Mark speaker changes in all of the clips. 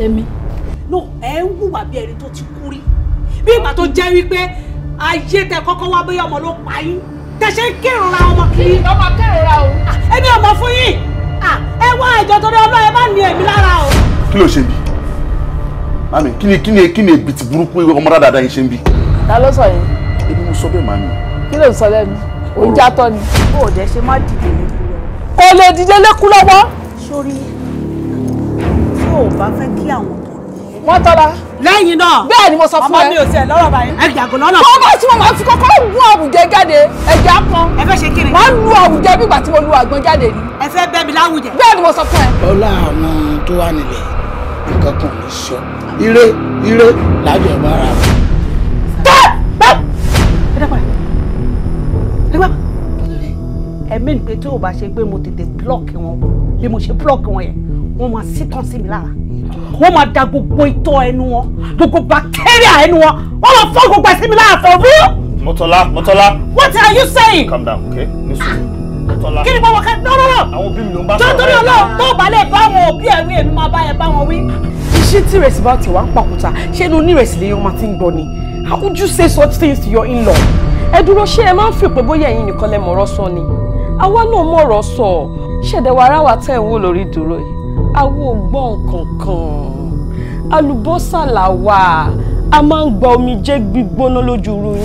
Speaker 1: èmi. no ẹ ń hùwà bí ẹni tó ti kú rí bí ìgbà tó jẹ́ wípé ayé tẹ kọ́kọ́ wá bóyá ọmọ ló pa yín tẹ̀sẹ̀ ń kérora ọmọ kiri. kí
Speaker 2: ọmọ kérora o. Ah,
Speaker 1: èmi ọmọ fún yín ah, ẹ wá ìjọ torí ọlọ́ọ̀ ẹ má ní èmi lára o. kí ló ṣe bí mami kí ni kí ni kí ni èbìtì burúkú ọmọ dáadáa yín ṣe ń bí. ta ló sọ yẹn. èmi mo sọ bẹ́ẹ̀ mami. kí ló ń sọ lẹ́nu òun jatọ́ ni. bó o dẹ̀ ṣe má dìde lẹ́kú lọ́wọ́. kò lè dìde lẹ́kú lọ́wọ́.
Speaker 2: sórí ò bá fẹ́ kí àwọn tó
Speaker 1: ní. wọ́n tọ́lá. lẹ́yìn náà. bẹ́ẹ̀ ni mo sọ fún ẹ. ọmọ mi ò tiẹ̀ lọ́rọ̀ báyìí. ẹ jàgò lọ́nà. ọmọ tí mo máa fi kọ́kọ́ gún àwùjẹ jáde ẹ̀já kan. ẹ fẹ́ ṣe kí ni. máa ń lu àwùjẹ bí ìgbà tí mo lu àgbọn jáde ni. ẹ fẹ́ bẹ́ mi láwùjẹ. bẹ́ẹ̀ ni mo sọ fún ẹ. ọlá àwọn tó wà nílẹ̀ nǹkan kan ní sọ
Speaker 3: ire ire lájọ bá ẹ
Speaker 1: dẹ́kun pé tí ò bá ṣe pé mo tètè block wọn bí mo ṣe block wọn yẹn wọ́n máa sítàn sí mi lára wọ́n máa da gbogbo itọ́ ẹnu wọn gbogbo bacteria ẹnu wọn wọ́n máa fọ́ gbogbo ẹ̀sìn mi lára for real. Mọ́tọ́lá Mọ́tọ́lá. What are you saying? calm down okay nisun Mọ́tọ́lá. kí ni bọ́wọ́ ká no no no. àwọn òbí mi ló ń bá sọ̀rọ̀ ẹ̀. jọ́ńtọ́rí ọlọ́run tó balẹ̀ bá àwọn òbí ẹ̀ wí èmi máa bá ẹ bá wọn wí. iṣẹ́ tí ìrẹsì bá ti wá ń pàkúta ṣé inú onírẹsì lè yan máa ti ń gbọ́ ni how would you say such things to your in-law? ẹ dúró ṣé ẹ máa ń fi pé bóyá ẹ̀yin nìkan lẹ mọ̀ọ́rọ́ sọ ni àwa náà mọ̀ọ́rọ́ sọ ṣẹ̀dẹ̀ wàrà wa tẹ̀ ń wò lórí dúró yìí awo gbọ́ nkankan alùbọ́sà là wà a máa ń gba omijé gbígbóná lójú ruru.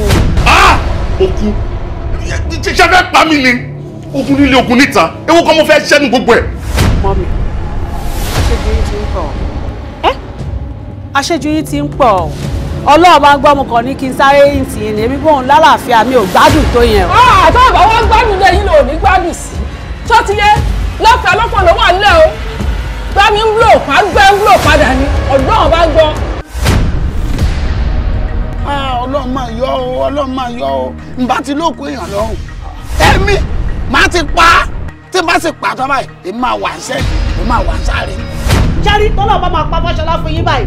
Speaker 1: òkú ṣe fẹ́ pa mí ni ogun nílé ogun níta ewu kan mo fẹ́ ṣẹ́nu gbogbo ẹ̀. mọ́mí
Speaker 2: aṣẹ́jú yín ti ń pọ̀ ẹ́
Speaker 1: aṣẹ́jú yín ti ń pọ̀ ọlọ́run bá gbọ́ mo kàn ní kí n sáré yín tì yín èmi bóun lálàáfíà mi ò gbádùn tó yẹn. Ah, àtọ́ àbáwọ́ gbádùn lẹ́yìn lòun ní gbádùn sí tó ti yẹ lọ́fẹ̀ẹ́ ló yọ ọ nbá ti lóko èèyàn lọ́rùn èmi máa ti pa á tí n bá sì pa tọ́ báyìí èmi máa wà ṣẹ́ èmi máa wà sáré. jẹ́rí tọ́lọ̀ bá máa pa fọ́ṣọlá fún yín báyìí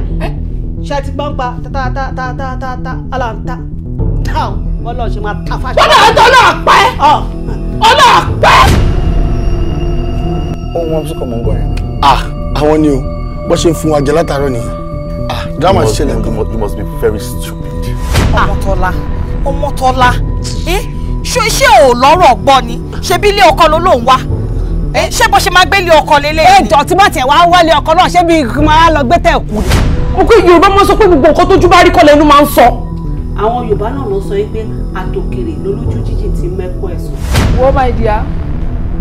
Speaker 1: ṣe ti gbọ́n pa ta ta ta ta ta máa ta fáṣọ. wọ́n náà
Speaker 2: pẹ́ ọlọ́ pẹ́.
Speaker 1: ohun wọn sọkọ mọ ń gbọ́ yẹn. ah àwọn ni o bó ṣe ń fún wa jẹ látàárọ̀ nìyẹn. ah drama ṣẹlẹ̀. you must be very stupid. Ah. ọmọ tọ́lá ọmọtọ́lá ṣé ṣé ò lọ́rọ̀ gbọ́ ni ṣe bí ilé ọkọ ló lòún wá ṣé bó ṣe máa gbé ilé ọkọ lélẹ̀. ẹ jọ tí wọn tiẹ̀ wá wọlé ọkọ náà ṣé bí máa lọ gbé tẹ kú ni. mo pé yorùbá máa sọ pé gbogbo nǹkan tójú bá rí kọ́ lẹ́nu máa ń sọ. àwọn yorùbá náà ló sọ pé àtòkèrè lolójú jíjìn ti mẹ́kọ ẹ̀sùn. wo my dear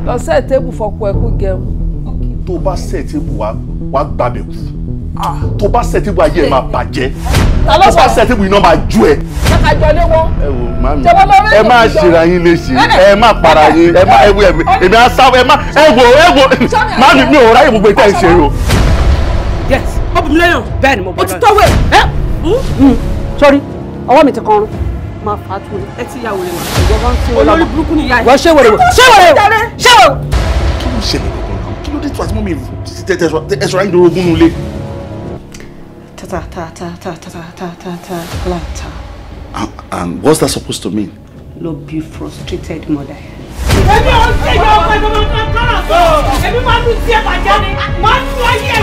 Speaker 1: lọ sẹ́ẹ̀ tébù fọpọ̀ ẹ̀kú gẹ̀rù. tó o bá sẹ́ẹ̀ tébù wá gbàbẹ̀ kú tó bá sẹ́tìbù ayé ẹ̀ máa bàjẹ́ tó bá sẹ́tìbù iná máa ju ẹ̀. àjọlé wọn. ẹ wo màmí ẹ má ṣèrà yín léṣe ẹ má para yín ẹ má ẹ wo èmi á sá ẹ má ẹ wo ẹ wo màmí mi ò ráyè gbogbo ìtẹ́ ìṣe o. yes ó bù mí lẹ́yìn. bẹ́ẹ̀ ni mo bọ́ lọ́yìn. o ti tọ́wé. sori ọwọ́ mi ti kan rún máa fà á tún ẹ ti yà wèrè
Speaker 2: wà. ìjọba ń ṣe wèrè wà olórí burúkú ni ìyá yìí. wọ́n ṣe wèrè wò ṣe wèrè wò
Speaker 1: ṣe wèrè wò. kí ló ń ṣẹlẹ̀ gbọ̀ngàn kí ló dé tó àti mọ́mí ẹ̀sọ́ nulẹ̀ ta ta ta ta ta ta ta ta ta láta. And what's that supposed to mean? Lo be frustrated mother. Èmi ò ń ṣe
Speaker 4: ìyá ọkọ ẹ̀gbọ́n máa ń bá kọ́ra sọ. Èmi máa ń lu sí ẹ̀bà jáde. Máa ń lu ayé ẹ̀yà.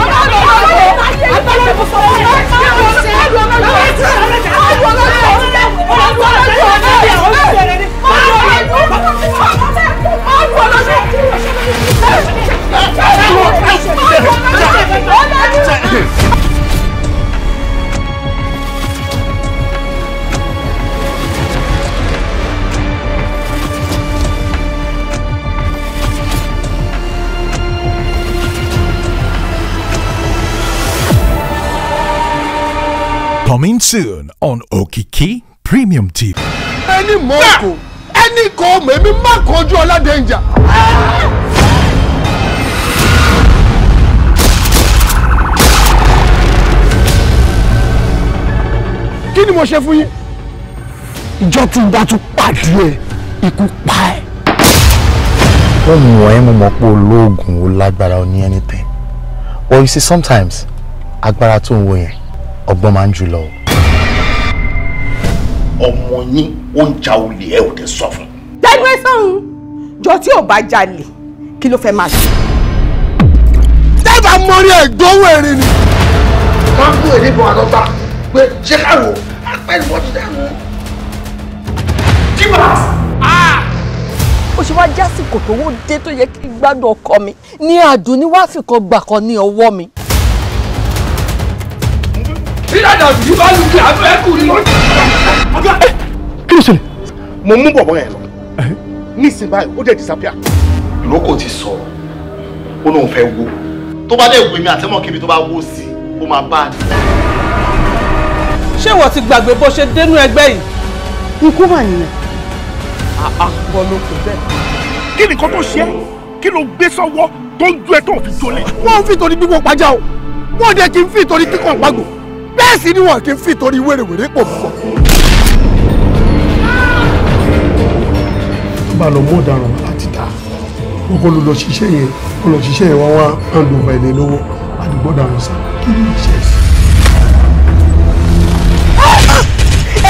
Speaker 4: Bàbá mi ò lọ sí agbára ìbùsọ̀ wọn. Ẹ ṣe é lọ sí ẹ̀rù ọlọ́dún. Ẹ ṣe é lọ sí ẹ̀rù ọlọ́dún. Ẹ ṣe é lọ sí ẹ̀rù ọlọ́dún. Máa lọ ẹ̀rù ọlọ́dún. Máa lọ ẹ̀rù ọlọ́dún. Máa lọ ẹ̀rù ọlọ́dún.
Speaker 5: Coming soon on Okiki Premium TV.
Speaker 1: Ẹni mọ̀ kò, ẹni kò mọ̀ èmi má kojú Ọládẹ́njà. Kí ni mo ṣe fún yín? Ìjọ tí n bá tún pàdé
Speaker 4: ẹ̀, ikú pa ẹ̀.
Speaker 1: Wọ́n mú ẹ mú mọ́ pé olóògùn ó lágbára ó ní anything. But you see sometimes agbára tó ń wo yẹn ọgbọ́n máa ń jù lọ. ọmọ yín ó ń ja olè ẹ ò tẹ sọ fún. lẹ́nu ẹ jọ tí ò bá jalè kí ló fẹ́ máa ṣe. dábàá mọ́rí ẹ̀gbọ́n èrè ni. wọ́n kú èdè bọ̀ àlọ́ta pé ṣé káwọ́ apẹ́lú wọ́n ti dáhùn. jimá. Ah! ó ṣe wá jásìkò tó wó dé tó yẹ kí gbádùn ọkọ mi ní àdùn ni wàá fi ní ọwọ́ mi sílẹ̀dà òjì bá lu kí abẹ́kù ni. kí ló ṣẹlẹ̀. mo mú bọ̀bọ̀ yẹn lọ nísìnyí báyìí ó dẹ̀ disappear. ìrókò ti sọ ó lóun fẹ́ wo tó bá dé ìwé mi àtẹ́mọ̀ kíbi tó bá wó sí ó máa bá a. ṣé ìwọ ti gbàgbé bó ṣe dénú ẹgbẹ́ yìí. ikú mà nìyẹn. àpò ló kò bẹ́ẹ̀. kí nìkan tó ṣe é kí ló gbé sọ́wọ́ tó ń ju ẹ tó ń fi jolè. wọ́n ń fi torí bí wọ́n pàjá o wọ́n dẹ̀ kí n fi torí kíkàn pàgò bẹ́ẹ̀ sì ni wọn kì í fi torí wèrèwèrè pò pọ̀. bá a lọ mú ọ̀daràn láti ta wọn kò lọ ṣiṣẹ́ yẹn kò lọ ṣiṣẹ́ yẹn wá wá hàn lóba ẹni lọ́wọ́ àdúgbò ọ̀daràn sá
Speaker 4: kí ni iṣẹ́ sí.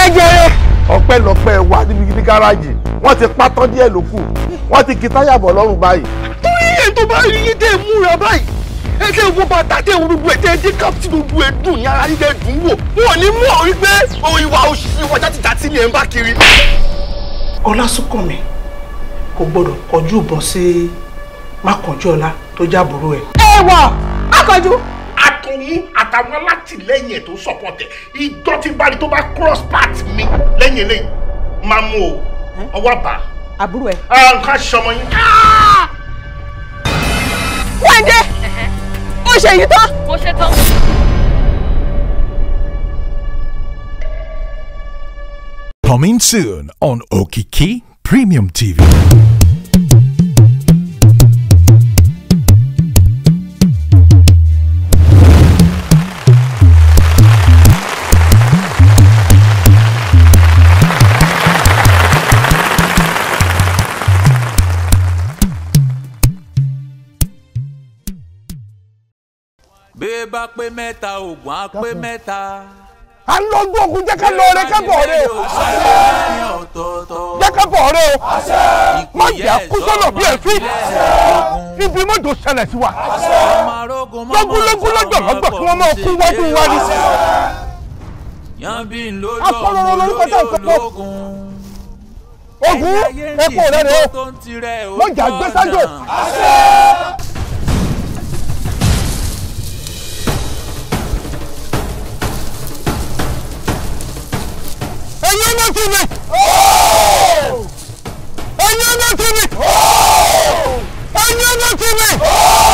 Speaker 1: ẹ jẹrẹ. ọpẹ́lọpẹ́ wà níbi ní gáràjì wọn ti pátán díẹ̀ lókù wọn ti kí táyà bọ lọ́rùn báyìí. torí ètò bá rí yín dé múra báyìí ẹ tẹ wo bàtà tẹ wo gbogbo ẹ tẹ dé kápítì gbogbo ẹ dùn ní ara yíyẹ dùn wò wọn ò ní mú ọ wípé òun ìwà òṣìṣẹ́ ìwà játijàti ni ẹ ń bá kiri. ọlásùnkànmí kò gbọdọ̀ kọjú ìbọn sí mákànjọ́lá tó jábòrò ẹ̀. ẹ wọ akọjú. àtòun àtàwọn alátìlẹyìn ẹ tó sọpọtẹ ìjọ tí tó bá cross path mi lẹ́yìn eléyìí máa mú o ọwọ́ bá. àbúrò ẹ. nǹkan ṣọmọ yín. Ah!
Speaker 4: wẹ́ndé. o
Speaker 5: Coming soon on Okiki Premium TV.
Speaker 3: pé mẹ́ta oògùn á pé mẹ́ta. a ń lọ gbọ́ òkú jẹ́ ká lọ rẹ ká bọ̀ rẹ o.
Speaker 1: jẹ́ ká bọ̀ rẹ o. má yà kú sọ́nà bí ẹ̀fín. ibi mọ́tò ṣẹlẹ̀
Speaker 3: sí wa. lọ́gúnlọ́gún lọ́jọ́ lọ́gbọ̀ kí wọ́n máa kú wájú wa ni. akọ̀rọ̀rọ̀ lórúkọ tá a sọ fún ọ ogun ẹkọ rẹ rẹ o mọjà gbẹsájò.
Speaker 4: ẹ̀yin ọmọ kìíní. ẹ̀yin ọmọ kìíní. ẹ̀yin ọmọ kìíní.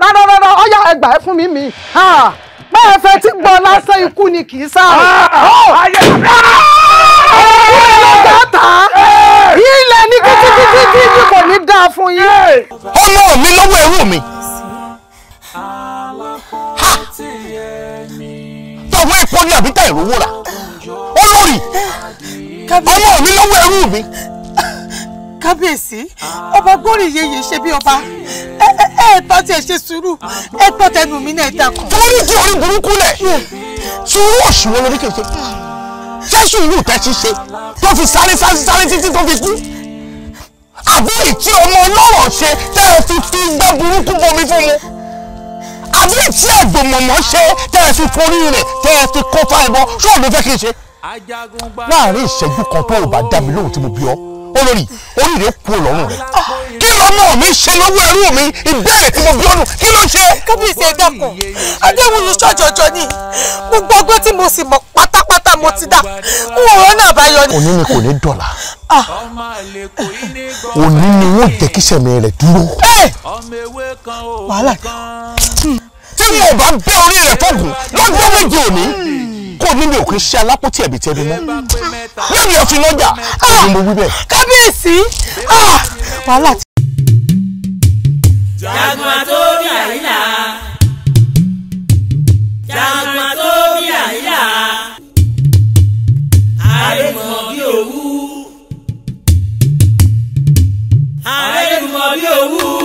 Speaker 1: rárá rárá ọyà ẹgbà ẹ fún mi mi bẹ́ẹ̀ fẹ́ tí gbọ́ lásán ikú ni kì í sáré. Ah! Ah! Ah!
Speaker 2: ilẹ̀ ta ilẹ̀ ní kíkíkíkí ni kò ní dáa fún yín. ọmọ mi lọ́wọ́ ẹrú
Speaker 5: mi.
Speaker 1: tọwọ́ epo ni àbí tẹ̀ ìrówó rà
Speaker 2: olórí ọmọ mi lọ́wọ́ ẹrú mi kábíyèsí ah. ọba gbórí yeye ṣe bí ọba ẹ ẹ bá tiẹ̀ ṣe sùúrù ah. ẹ gbọ́ tẹnu mi náà dákun. torí di orí burúkú lẹ̀ hmm. sùúrù òṣùwọ̀n lórí kèké hmm.
Speaker 1: ṣé sùúrù tẹ́ ti ṣe tó fi sáré sáré sáré títí tó fi kú àbí ìtí ọmọ ọlọ́rọ̀ ṣe tẹ́ ẹ fi fi gbá burúkú bomi fún mu àbí ìtí àgbòmọ̀mọ́ ṣe tẹ́ ẹ fi forí rẹ̀ tẹ́ ẹ fi kó fáìbọn ṣọ́ọ̀bù fẹ́ kí n ṣe láàárín ìṣẹ́jú kan tó ò bá dá mi lóhùn tí mo bí ọ olórí orí rẹ kú lọ́rùn rẹ kí lọ́mọ mi ṣe lọ́wọ́ ẹrú mi ìbéèrè tí mo bí ọ́nù kí ló ṣe. kábíyèsí ẹ̀dá kan adéwòlù ṣọ́jọ́jọ́ ni gbogbo ọgbẹ́ tí mo sì mọ̀ pátápátá mo ti dà n ò rọ́nà àbáyọ ni. òní ni kò ní dọ̀là òní ni wọ́n jẹ́ kí sẹ̀mí rẹ̀ dúró. wàhálà kan. Hmm. tí wọn ò bá bẹ́ orí rẹ̀ fọ́gùn lọ́jọ́ méje òní kó níbi òkè ṣe alápótí ẹ̀bì tẹ́bi mọ́ lónìí ọ̀fìn lọ́jà ah! ni mo kábíyèsí ah! wàhálà ti.
Speaker 4: jagun àtórí àyílà jagun àtórí àyílà àrèmọ bí òwú àrèmọ bí òwú.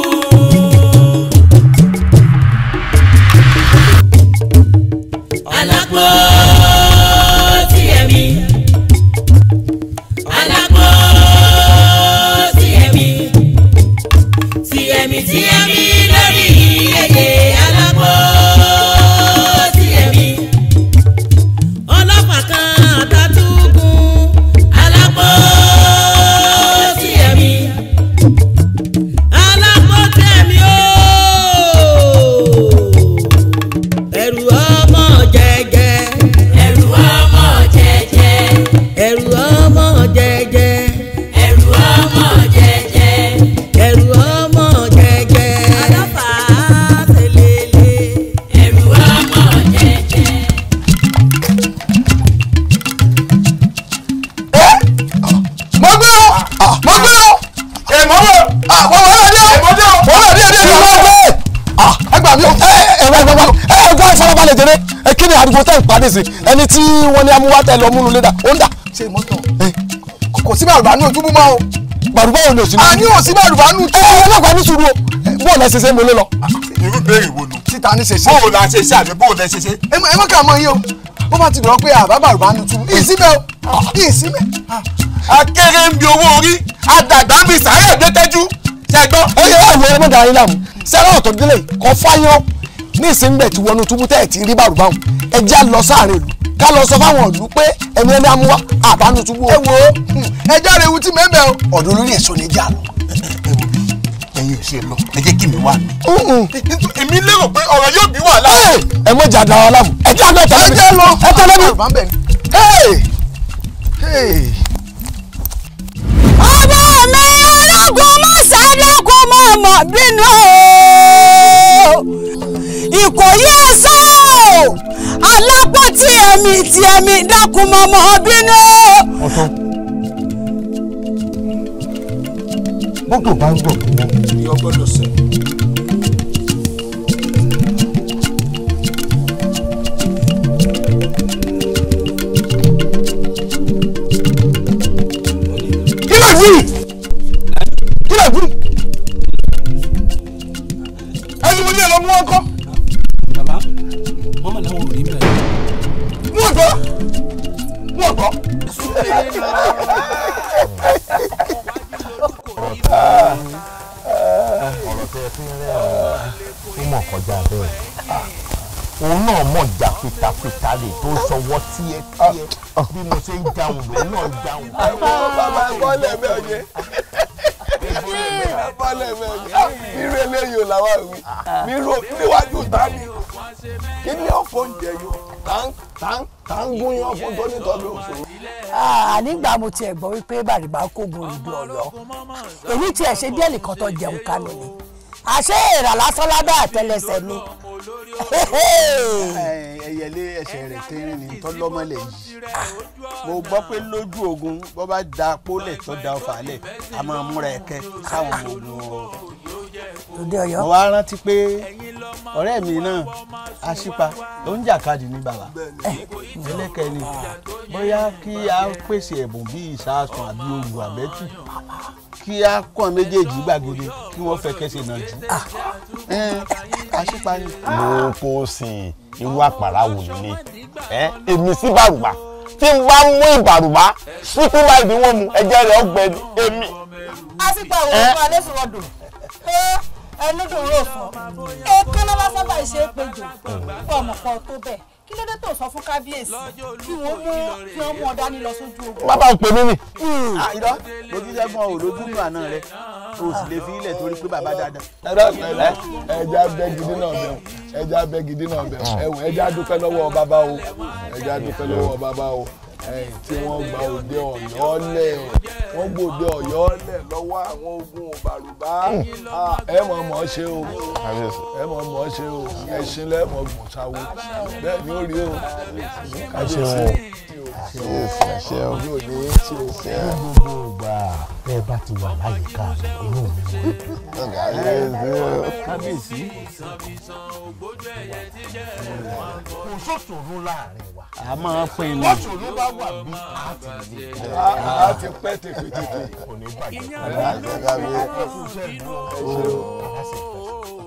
Speaker 1: mú wá tẹ lọ múnú lé dà ó ń dà. ṣe mọ́tò eh. kò sí bàrùbá ní ojúbú mọ́ o. bàrùbá ò ní òsínú. a ní òsín bàrùbá ní ojú. ẹ ọlọ́pàá ní sùúrù o bóòlù ah, ẹ ṣẹṣẹ mọlẹ lọ. irú béèrè wo nu. síta ní ṣẹṣẹ. bóòlù ẹ ṣẹṣẹ àbí bóòlù ẹ ṣẹṣẹ. ẹ mọ̀ kà mọ̀ yín o bó bá ti dọ̀ pé àbá bàrùbá ní ojú. ìsímẹ́ o ìsímẹ́. akéré ah. ń bi owó orí àdàgbà mi sàárẹ̀ dẹ́tẹ́jú. ṣẹ́gbọ́n. ó yẹ àwọn ọmọ dàrí làmú sẹ́rọ̀ ọ̀tọ̀ délé kọ́ fáyọ́ ní ìsínbẹ̀ tí wọnú túbú tẹ́ẹ̀ ti rí bàrùbá wọn ẹ já lọ sáàrin ìlú ká lọ sọ fáwọn ọ̀dún pé ẹ̀mí ẹ̀mí amúwá àbánu túbú. ẹ wo ẹ jáde ewu tí mẹ́mẹ́ o. ọ̀dọ̀ olórí ẹ̀ṣọ́ ni jà lọ. ẹ̀yin ò ṣe lọ ẹ jẹ́ kí mi wà mí. èmi lérò pé ọ̀rọ̀ yóò bí wàhálà. ẹ mọ jà dára láàmú ẹ jẹ́ àgbẹ̀ tẹ̀lé mi ẹ tẹ̀lé mi.
Speaker 2: jẹ mi dákun mọmọ
Speaker 4: bínú. ọ̀sán
Speaker 1: bọ́tò bá ń gbọ̀ bí ọgbọ́dọ̀ sẹ́yìn. Ah, bí mo ṣe ń dáhùn lòun náà dáhùn. àwọn bàbá
Speaker 4: bọ́ọ̀lù ẹ̀mẹ́ ọ̀yẹ́
Speaker 1: bọ́ọ̀lù ẹ̀mẹ́ ọ̀yẹ́ irú eléyìí ò làwọn àwìn nírú níwájú tani kí ni ọ̀fọ̀ ń jẹ yó tá ń gún yín ọ̀fọ̀ tó nítorí òṣòro. Ah, nígbà mo tiẹ̀ gbọ́ wípé bàrìbá kò gun ìlú
Speaker 5: ọ̀yọ́
Speaker 1: èyí tiẹ̀ ṣe díẹ̀ nìkan tó jẹun kánú ni àṣé èrà lásán lábẹ́ àtẹlẹsẹ̀ ni. ẹyẹlé ẹsẹ̀ rẹ̀ tẹ́rín ni tọ́lọ́mọlẹ̀ yìí mo gbọ́ pé lójú ogun bó bá da pólẹ̀ tó da ọfà lẹ̀ a máa múra ẹ̀kẹ́ káwọn ogun o. mo wá rántí pé ọ̀rẹ́ mi náà aṣípa ló ń jàkadì ní bàbá ẹlẹ́kẹ̀ bóyá kí a pèsè ẹ̀bùn bíi ìsásùn àbí olù àbẹ́tù kí a kọ́ méjèèjì gbàgede kí wọ́n fẹ́ kẹ́sẹ̀ náà jù. aṣípa ni. ló kó sí irú àpárá wò nílé ẹ èmi sí bàgbà tí n bá mú ìbàrùbá síkú bá ibi wọn mu ẹ̀jẹ̀ rẹ̀ ọgbẹ
Speaker 4: èmi. àsìkò àwọn ọmọ alẹ́ sọ̀rọ̀ dùn pé ẹnu dùn rò fún ọ èkó náà bá sábà ṣe é pejò fún
Speaker 1: ọmọkọ tó bẹ́ẹ̀ kí ló dé tó sọ fún kábíyèsí kí wọ́n mú kí wọ́n mú ọ̀dá ní lọ sójú ogun. bàbá ń pè mí nì. Hmm. Ah, irọ́ lójú sẹ́gun ò lójú nù àná rẹ o sì lè fi ilẹ̀ torí pé bàbá dáadáa. ẹja bẹ gidi náà bẹ o ẹja bẹ gidi náà bẹ o ẹja dúpẹ́ lọ́wọ́ bàbá o ẹja dúpẹ́ lọ́wọ́ bàbá o tí wọ́n gba òde ọ̀yọ́ lẹ̀ wọ́n gbòde ọ̀yọ́ lẹ̀ lọ́wọ́ àwọn ogun
Speaker 5: òbàrùbá ẹ mọ̀ mọ̀ ṣe o ẹ mọ̀ mọ̀ ṣe o ẹṣin lẹ́mọ̀ gùn sáwó bẹ́ẹ̀ ni ó rí o kábíyèsí o kábíyèsí
Speaker 1: o
Speaker 4: yóò ní tí o fẹ́ gbogbo ìgbà
Speaker 1: bẹ́ẹ̀ bá ti wà láyìíká mi inú mi wò ó. kábíyèsí kò sóṣòro láàrin wa. a máa pín in. sóṣòro bá wà bí
Speaker 4: a ti lè. a ti pẹ́ tètè kò ní bàjẹ́. ìyá ló ń bá a kú sẹ́yìn.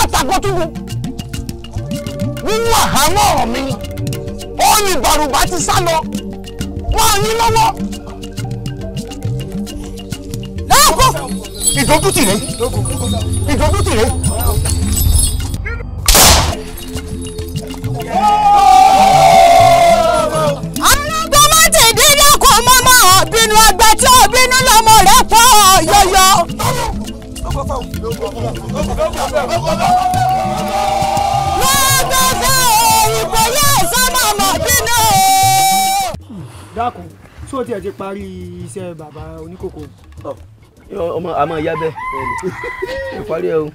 Speaker 1: àtàkọ́túngun nínú àhámọ́ mi ó ní bàrùbá ti sá lọ wọ́n á yín lọ́wọ́. láàkó ìdókùtì
Speaker 4: rẹ ìdókùtì rẹ.
Speaker 2: àrùn tó má ti dín lọ́kọ̀ọ́ mọ́mọ́ bínú àgbà tí ó bínú lọ́mọ rẹ̀ pọ̀ yọ̀yọ̀
Speaker 4: lọ́dọ̀dọ̀ òyìnbó
Speaker 1: yóò sábà mọ̀ bínú. dákun tí o tiẹ̀ ti parí iṣẹ́ bàbá oníkókó. ọmọ àmọ́ ìyá bẹ́ẹ̀ ẹ parí ẹ o.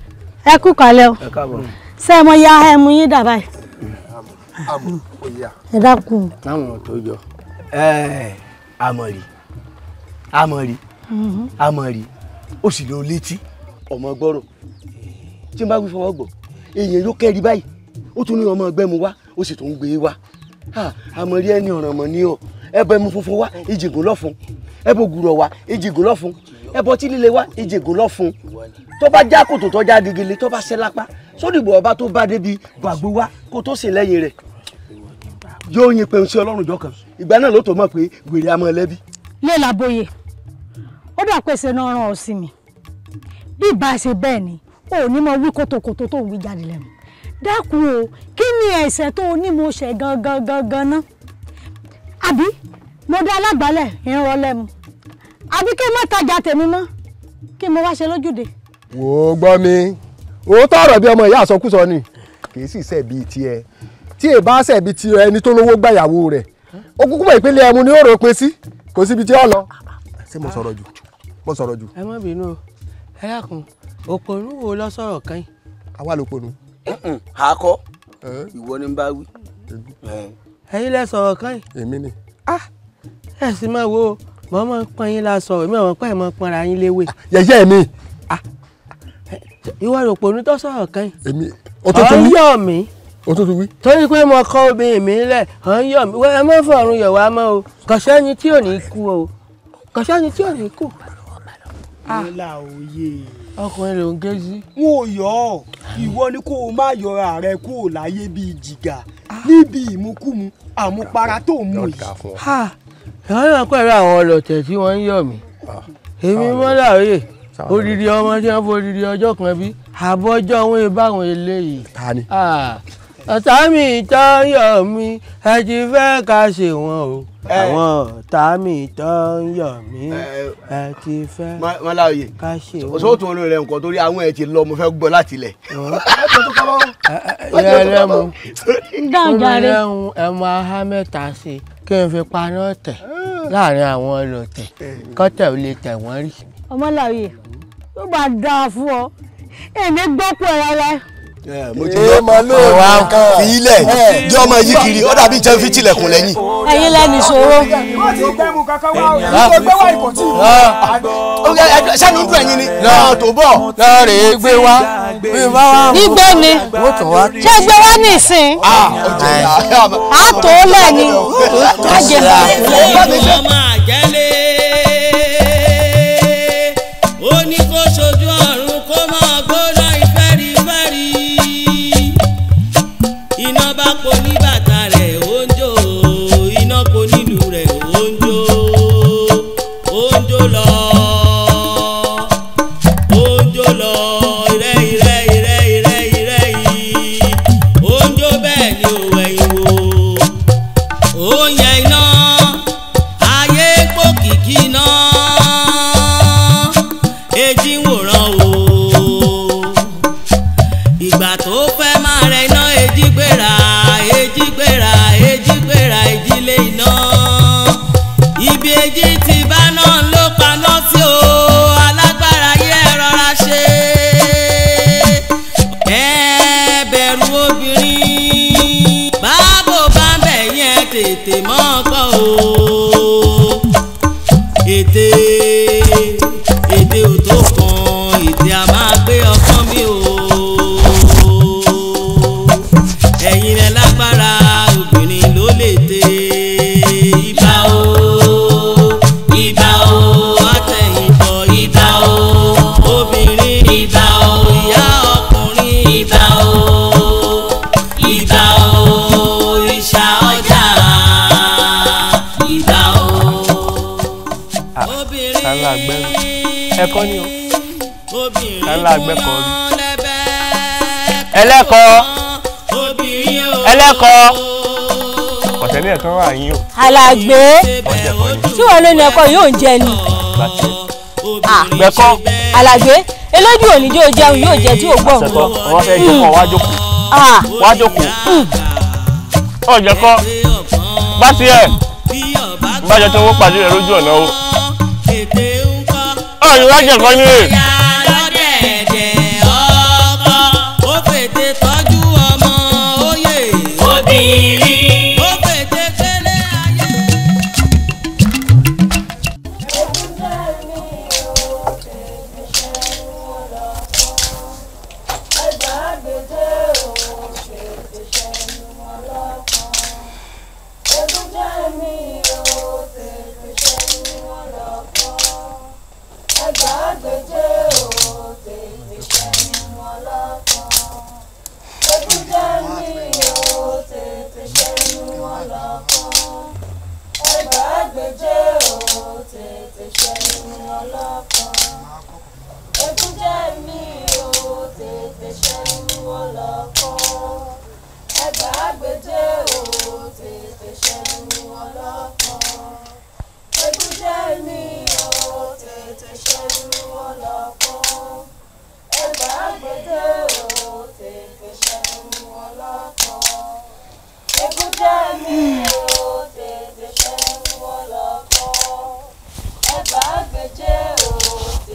Speaker 4: ẹ kú kalẹ̀ o ṣé ẹ mọ ya ẹ mú yín dàbá
Speaker 1: yìí. ẹ dákun. táwọn tó jọ àmọ̀rí àmọ̀rí àmọ̀rí mm-hmm. ó sì lọ létí ọmọ gbọ́rọ̀ tí n bá wí fọwọ́ gbọ̀ èèyàn ló kẹ́rì báyìí ó tún ní ọmọ ẹgbẹ́ mu wá ó sì tún ń gbé e wá àmọ̀rí ẹni ọ̀ràn mọ̀ ní ọ ẹbọ ẹmu funfun wá ìjìgò lọ́fun ẹbọ gùrọ̀ wá ìjìgò lọ́fun ẹbọ tí líle wá ìjìgò lọ́fun tó bá já kòtò tó já gegele tó bá ṣẹ́ lápá sódìbò ọba tó bá débi gbàgbó wá kó tó sì lẹ́yìn rẹ̀ yóò yin pẹ̀lú sí ọlọ́run jọkàn ìgbà náà ló tó mọ̀ pé wèrè amọ̀ ẹlẹ́bí. lẹ́la boye ó dà pèsè náà ràn ọ́ sí mi bí ìbá ṣe bẹ́ẹ̀ ni ò ní mọ wí kótókótó tó wí jáde lẹ́nu dákun o
Speaker 4: kí ni ẹ̀ṣẹ̀ tó o ní mo ṣẹ̀ gangan gangan ná àbí mo dá alágbálẹ̀ ìrànwọ́ lẹ́mu àbí kí n má tajà tèmi mọ́ kí mo wá ṣe lójúde.
Speaker 1: wò ó gbọ́ mi òótọ́ ọ̀rọ̀ bí ọmọ ìyá àsọkúsọ ni kì í sì ṣẹ̀bi tiẹ̀ tí èbá ṣẹ̀bi tiẹ̀ ẹni tó lówó gbàyàwó rẹ̀ ó kúkú mọ̀ ìpínlẹ̀ ẹmu ni ó rò pé sí kò síbi tí ó lọ. ṣé mo sọ̀rọ̀ jù mo sọ̀rọ̀ jù. ẹ má bínú o ẹ dákun òpònú wo lọ sọ̀rọ̀ kan yìí. àwa ló ponú. àkọ́ ìwọ ni n bá wí. ẹ̀yin lẹ sọ̀rọ̀ kan yìí. èmi ni. Ah, ẹ sì máa wo mọ mọ pọn yín la sọ̀rọ̀ èmi àwọn pẹ́ mọ pọnra yín léwé. Ah, yẹ̀yẹ́ mi. Ah, ìwọ ló ponú tó sọ̀rọ̀ kan yìí. èmi ọ̀tọ̀tọ̀ mi. ọ̀yọ́ mi o tó ti wí. torí pé mo kọ́ obìnrin mi lẹ̀ ọ̀ ń yọ̀ mí wẹ́n ẹ má fọ̀rùn yọ̀ wá mọ́ o kò sẹ́ni tí ò ní kú o kò sẹ́ni tí ò ní kú ńlá ah. òye. ọkùnrin ló ń ké sí. n ò yọ ọ ìwọ ni kó o má yọra rẹ kó o láyé bíi jìgà níbi ìmukúmu àmupara tó mú yìí. ìwọ́n náà pẹ̀lú àwọn ọlọ́tẹ̀ tí wọ́n ń yọ̀ mí ah. èmi mọ́lá òye odidi ọmọ tí wọ́n fọ odidi ọjọ́ kan bí àbọ̀jọ́ wọn báwọn eléyìí ọ̀tá mi tọ́yọ̀ mi ẹ ti fẹ́ ká ṣe wọn o àwọn ọ̀tá mi tọ́yọ̀ mi ẹ ti fẹ́ ká ṣe wọn. sọ́wọ́ tó ń lórí rẹ nǹkan torí àwọn ẹ̀ ti lọ mo fẹ́ gbọ́ láti ilẹ̀. ẹ lẹ́mu ẹ máa há mẹ́ta sí i kí n fi paná tẹ̀ láàrin àwọn ọlọ́tẹ̀ kọ́tẹ̀ ò lè tẹ̀ wọ́n rí.
Speaker 4: ọmọláwìyẹ yóò bá dáa fún ọ èmi gbọ́ pọ̀ rárá
Speaker 1: èèmọ̀ ló ń kan fìlẹ̀ jọ́ ọmọ yìí kiri ó dàbí jẹun fi tilẹ̀kùn lẹ́yìn.
Speaker 4: ẹ̀yin lẹ́nu ìṣòro. wọ́n
Speaker 1: ti gbẹ́mu kankan wá o ìwé gbé wá ìkọ̀tì. sẹ́nu ah. ń dùn ẹ̀yin ni. náà tó
Speaker 2: bọ̀. náà rè é gbé wá. gbígbé ni ṣé gbé wá ní ìsìn. Ah, a tó lẹ́ni. a jẹ̀ bá.
Speaker 1: ara yín o. alàgbé
Speaker 4: tí wọn lónìí ẹkọ yóò jẹ ni. gbẹkọ. alàgbé
Speaker 1: eléjú òní yóò jẹun yóò jẹ tí ò gbọ̀ ń lọ. wọn fẹẹ jókòó wá jókòó wá jókòó. ọ̀jẹ̀ hmm. kọ́ bá tiẹ̀ bá jẹ tó wọ́n pàdé rẹ̀ lójú ọ̀nà o. ọ̀jẹ̀ wá jẹ̀kọ́ ní
Speaker 4: lọ́kàn. Ègún o, tètè ṣe mú wọn lọ́kàn. Ẹgbà o, tètè ṣe mú wọn lọ́kàn. Ègún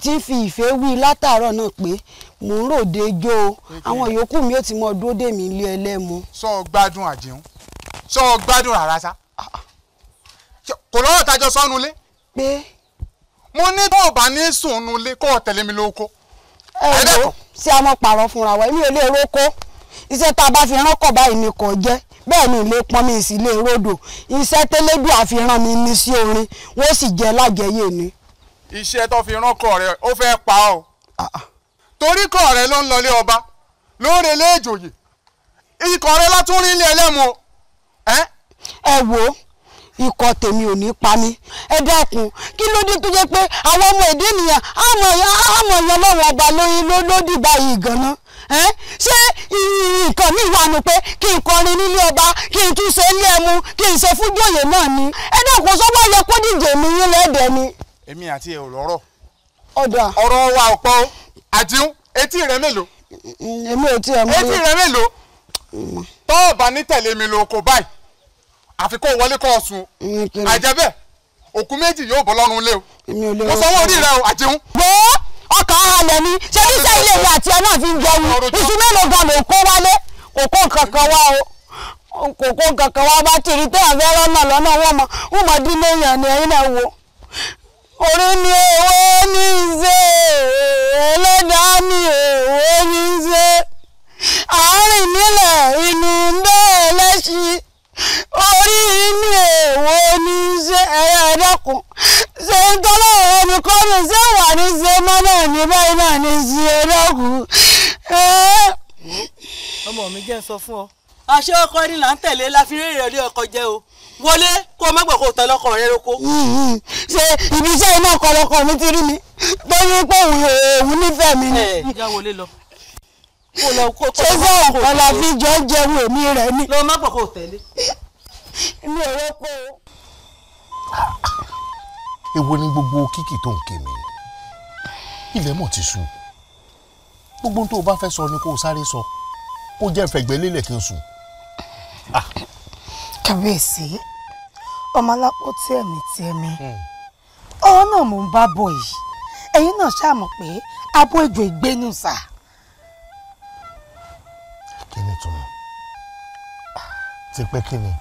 Speaker 1: ti fi ìfẹ́ wí látàárọ̀ náà pé mò ń ròde jó o àwọn yòókù mi ò ti mọ dúró dè mí ilé ẹlẹ́mu. sọ ọ gbádùn àjẹun sọ ọ gbádùn rárá sá kò lọ́rọ̀ tájọ sọ́nu lé. pé. mo ní tó o bá ní sùnnu lé kó o tẹ̀lé mi lóko. ẹ ẹ ṣé a mọ pààrọ̀ fúnra wa èmi ò lè roko iṣẹ́ tá a bá fi ránkọ̀ báyìí ni kò jẹ́ bẹ́ẹ̀ ni ilé pọn mi sí ilé ròdò iṣẹ́ tẹ́lẹ́dù àfihàn mi ní sí orin wọ́n sì jẹ́ lájẹyè ni iṣẹ́ tó fi rán kọ̀ rẹ ó fẹ́ pa ọ́ ah, ah. torí kọ̀ rẹ ló ń lọlé ọba lóore léèjòyè ikọ̀ rẹ látún rí ilé ẹlẹ́mu o. ẹ wo ikọ̀ tèmi ò ní pa mí ẹ dákun kí ló dé tó jẹ́ pé àwọn ọmọ èdè nìyẹn àmọ̀ àmọ̀ yẹn lọ́wọ́ ọba lódì báyìí gan-an ṣé nǹkan mi wà nù pé kí n kọrin nílé ọba kí n tún ṣe ilé ẹmu kí n ṣe fújòyè náà ni ẹ dákun sọ́wọ́ yẹ kó díje mi yín lẹ́dẹ̀ẹ́ ni
Speaker 3: èmi àti ẹ ò lọ́rọ̀
Speaker 1: ọ̀dà ọ̀rọ̀ wa ọ̀pọ̀ o àdìún etí rẹ mélòó. èmi ò tí ẹ mú. etí rẹ mélòó. tó o bá ní tẹ̀lé mi lò kó báyìí àfi kó o wọlé kó o sùn àjẹbẹ́ òkú méjì yóò bọ́ lọ́rùn lé o mo sanwó orí rẹ o àdìún. gbọ́ ọkàn halẹ̀ ni ṣé níṣẹ́ ilé ìwé àti ẹ̀ fi ń jẹun
Speaker 2: iṣu mélòó gan ló kó wálé kò kó kankan wá o kò kó kankan wá bá tìrì tẹ́ àfẹ́rẹ́ náà lọ́nà wọ́n mọ̀ wọ́n mọ̀ dín léèyàn ni ẹ̀yin náà wò orí ni èwo ní í ṣe ẹlẹ́dàá mi èwo ní í ṣe àárín nílẹ̀ inú bẹ́ẹ̀ lẹ́sìn orí mi èwo ní í ṣe ẹ̀yà ẹ̀dẹ́kun ṣe ń tọ́lọ́ ọ̀rọ̀ mi kọ́ mi ṣé wà ní ṣe mọ́ náà ní báyìí náà ní ṣe ẹ̀dẹ́kun.
Speaker 4: ọmọ mi jẹ́ ń sọ fún ọ aṣọ ọkọ ni là ń tẹ̀lé láfi rèrè ọdẹ
Speaker 1: ọkọ jẹ́ o wọlé kó o má gbọ́ kó o tán lọ́kọ̀ rẹ lóko. Hmm, hmm. ṣe ibi iṣẹ́ iná ọkọ̀ lọkọ̀ mi ti rí mi tó ní pé òun nífẹ̀ẹ́ mi ni. ẹ eh, já wọlé lọ.
Speaker 5: ṣé ṣé ọ̀pọ̀ la fi
Speaker 1: jọ ń jẹun èmi rẹ̀ ni. lọ má gbọ́ kó o tẹ̀lé. mi ò rọ́pò. èwo ni gbogbo kíkì tó ń ké mi ilẹ̀ mọ̀ ti sùn gbogbo ohun tó o bá fẹ́ sọ ni kó o sáré sọ kó jẹ́ ìfẹ̀gbẹ́ lélẹ̀ kí n sùn. Ah, kábíyèsí ọmọ alápò tí ẹ̀mí tí ẹ̀mí hmm. ọ̀rọ̀ náà mò ń bá bọ̀ yìí ẹ̀yin náà ṣàmọ̀ pé abo ìjò ìgbénu sà. kí ni túmọ̀ ti pẹ́ kí ni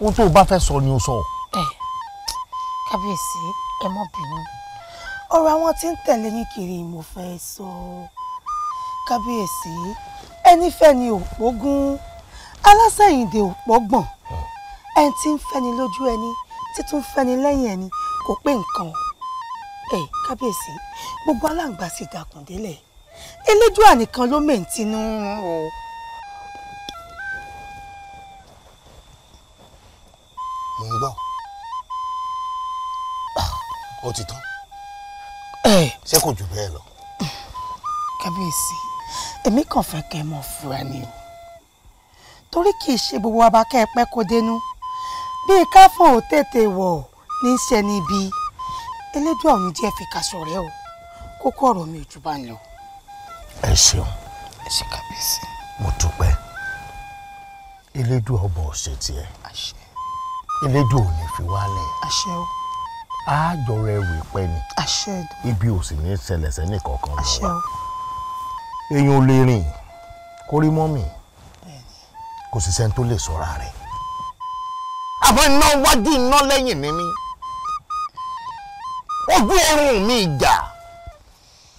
Speaker 1: ohun tó o bá fẹ́ sọ ni o sọ.
Speaker 2: ẹ kábíyèsí ẹ
Speaker 1: mọ bínú ọ̀rọ̀ àwọn tí ń tẹ̀lé yín kiri mo fẹ́ sọ kábíyèsí ẹni ni òpógún. So alásẹ̀yìndè ò pọ́gbọ̀n ẹni tí ń fẹ́ni lójú ẹni títún fẹ́ni lẹ́yìn ẹni kò pé nǹkan ẹ kábíyèsí gbogbo aláǹgbá sì dàkùn délẹ̀ elédùà
Speaker 2: nìkan ló mèǹtinú o.
Speaker 3: mo ń gbọ́
Speaker 1: ah, ó ti tán ṣé kò jù bẹ́ẹ̀ lọ. kábíyèsí èmi kàn fẹ́ kẹ́ ẹ mọ̀ fura ni o torí kì í ṣe gbogbo wa bá kẹ́ ẹ pẹ́ kó dénú bíi káfọ́n ò tètè wọ̀ ní í ṣe níbi elédùn ọ̀hún jẹ́ fi kàṣọ rẹ o kókó ọ̀rọ̀ mi ò jù bá ń lọ. ẹ ṣeun ẹ ṣe kàbíyèsí. mo dúpẹ́ elédùn ọbọ̀ ọ̀sẹ̀ tiẹ̀ elédùn ò ní fi wálẹ̀. àṣẹ o àjọ rẹ rè pẹ́ ni ibi ò sì ní ṣẹlẹ̀ sẹ́nì kankan lọ́wọ́ èèyàn ò lè rìn kórí mọ́mì kò sì sẹ́ni tó lè sọ̀ra rẹ̀ àmọ́ iná wájú iná lẹ́yìn ni mí ojú oorun mi ìjà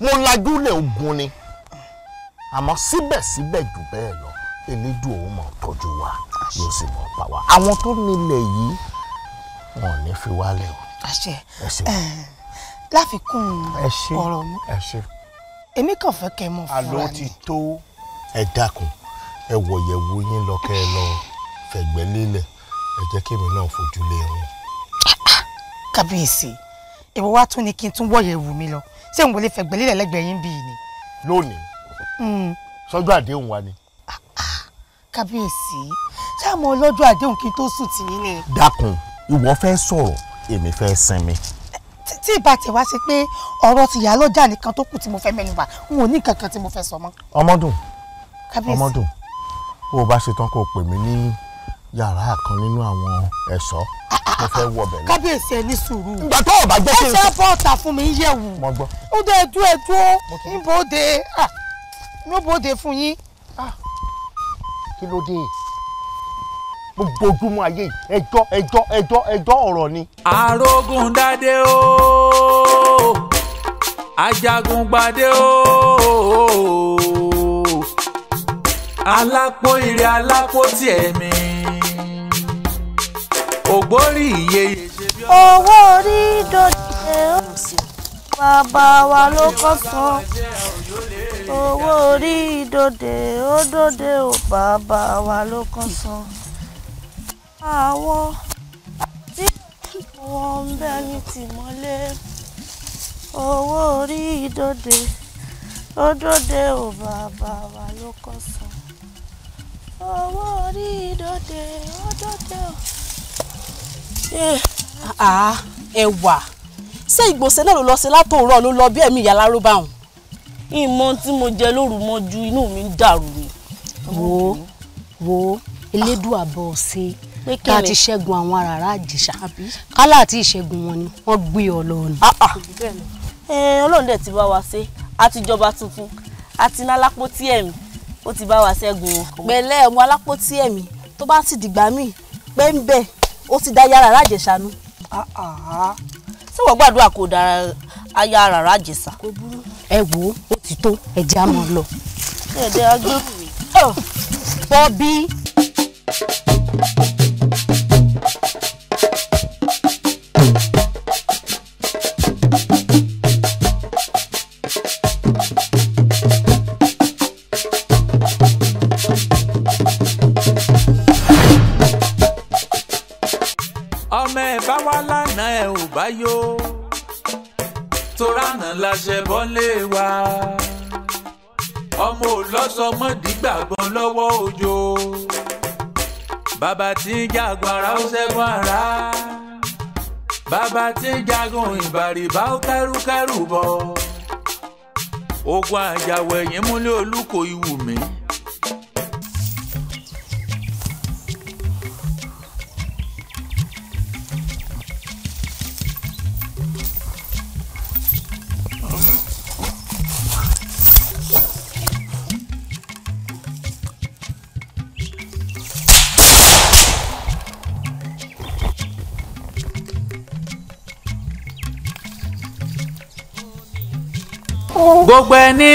Speaker 1: mo lajú lè ogun ni àmọ́ síbẹ̀síbẹ̀ jù bẹ́ẹ̀ lọ eléjú òun mọ̀ tọ́jú wa yóò sì mọ̀ pa wá àwọn tó nílẹ̀ yìí wọn ò ní fi wálẹ̀ o. àṣẹ láfikún ọ̀rọ̀ mi èmi kàn fẹ́ kẹ́ mọ̀ fúnra mi. àló ti tó ẹ dákun ẹ wọ̀yẹ̀wò yín lọ kẹ́ ẹ lọ fẹ̀gbẹ́ lélẹ̀ ẹ jẹ́ kí èmi náà fojú lé wọn. kábíyèsí èwo wá tún ni kí n tún wọ̀yẹ̀wò mi lọ ṣé n kò lè fẹ̀gbẹ́ lélẹ̀ lẹ́gbẹ̀ẹ́ yín bíi ni. lónìí hmm. sọ́jọ́ àdéhùn wa ni. Ah, ah. kábíyèsí ṣé àmọ́ ọlọ́jọ́ àdéhùn kí n tó sùn tì yín ni. dákun ìwọ fẹ́ sọ̀rọ̀ èmi fẹ́ sinmi tí ìbá tẹ̀ wá sí pé ọ̀rọ̀ ti yà lọ́jà nìkan tó kù tí mo fẹ́ mẹ́nu bà n ò ní nǹkan kan tí mo fẹ́ sọ mọ́. ọmọdún ọmọdún bó o bá ṣe tán kó o pè mí ní yàrá kan nínú àwọn ẹ̀ṣọ́ mo fẹ́ wọ bẹ̀ lọ.
Speaker 2: kábíyèsí ẹ ní sùúrù. ìgbà tó o bá gbé kí n. ó ṣe fọ́ọ̀tà fún mi yẹ̀ wù. mo gbọ́. ó dé ẹjú ẹjú níbòde
Speaker 1: níbòde fún yín. kí ló dé gbogbo ojúmọ́ ayé yìí ẹjọ́ ẹjọ́ ẹjọ́ ẹjọ́ ọ̀rọ̀ ni.
Speaker 3: arógùn dáadé o ajagun gbadé o alápò ire alápò tiẹ̀ mi ògbórí iye. owó orí dòde
Speaker 2: bàbá wa ló kọ́ san owó orí dòde ó dòde ó bàbá wa ló kọ́ san àwọn
Speaker 4: tí wọ́n ń bẹ ní tìmọ́lé
Speaker 2: owó orí dòde ó dòde ó
Speaker 1: bàbá wa ló kọ́ san owó orí dòde ó dòde o. Eh, ẹwà ṣé ìgbọ̀nsẹ̀ náà ló lọ sí látòórọ́ ló lọ bí ẹ̀mí ìyá lárúbá òun. ìmọ̀ tí mo jẹ lóru mọ́jú inú mi ń dàrú ni. wo wo elédùà bọ̀ ọ̀sẹ̀ ká ti ṣẹ́gun àwọn ará àjèṣà kálá àti ìṣẹ́gun wọn ni wọ́n gbé ọ lọ ni. Ah, ah. Eh, ọlọ́run dẹ̀ ti bá wa ṣe àtijọba tuntun àti nálápótí ẹ̀mí ó ti bá wa ṣẹ́gun o. pẹ̀lẹ́ ọmọ alápótí ẹ̀mí tó bá sì dìgbà míì pé ń bẹ̀ ó ti dá yàrá rájẹ̀sánú. ṣé wọ́n gbàdúrà kó dára ayára rájẹ̀sà. ẹ wo ó ti tó ẹ̀jẹ̀ á mọ̀ lọ.
Speaker 4: ẹ̀ẹ́dẹ́ agbẹ́ bọ́ bí.
Speaker 3: wá lánàá ẹ ò bá yó torá náà la ṣe bọ́lé wa ọmọ òlọ́sọmọdì gbàgbọ́n lọ́wọ́ òjò bàbá tí ń jagun ara ó ṣẹ́gun ara bàbá tí ń jagun ìbàrìbá ó kẹ́rùkẹ́rù bọ̀ ogun àjàwọ̀ ẹ̀yìn múlẹ̀ olùkọ́ ìwù mi. gbogbo ẹni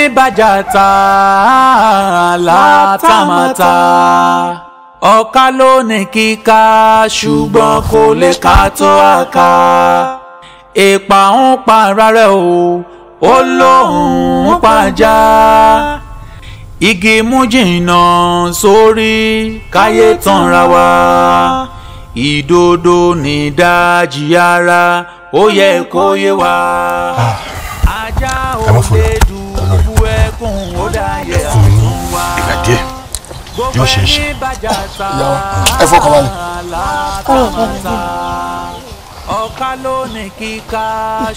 Speaker 3: ta látàmátà ọ̀ka ló ní kíka ṣùgbọ́n kò lè ká tó àká ìpà ń pa ara rẹ̀ o ó lóun ń pàjá igi mú jìnnà sórí káyé tanra wa ìdodo nídajì ara ó yẹ kó yé wa. Ah. yóò ṣe é ṣe ìyàwó ẹ fọkàn balẹ̀. ọ̀ka ló ní kíkà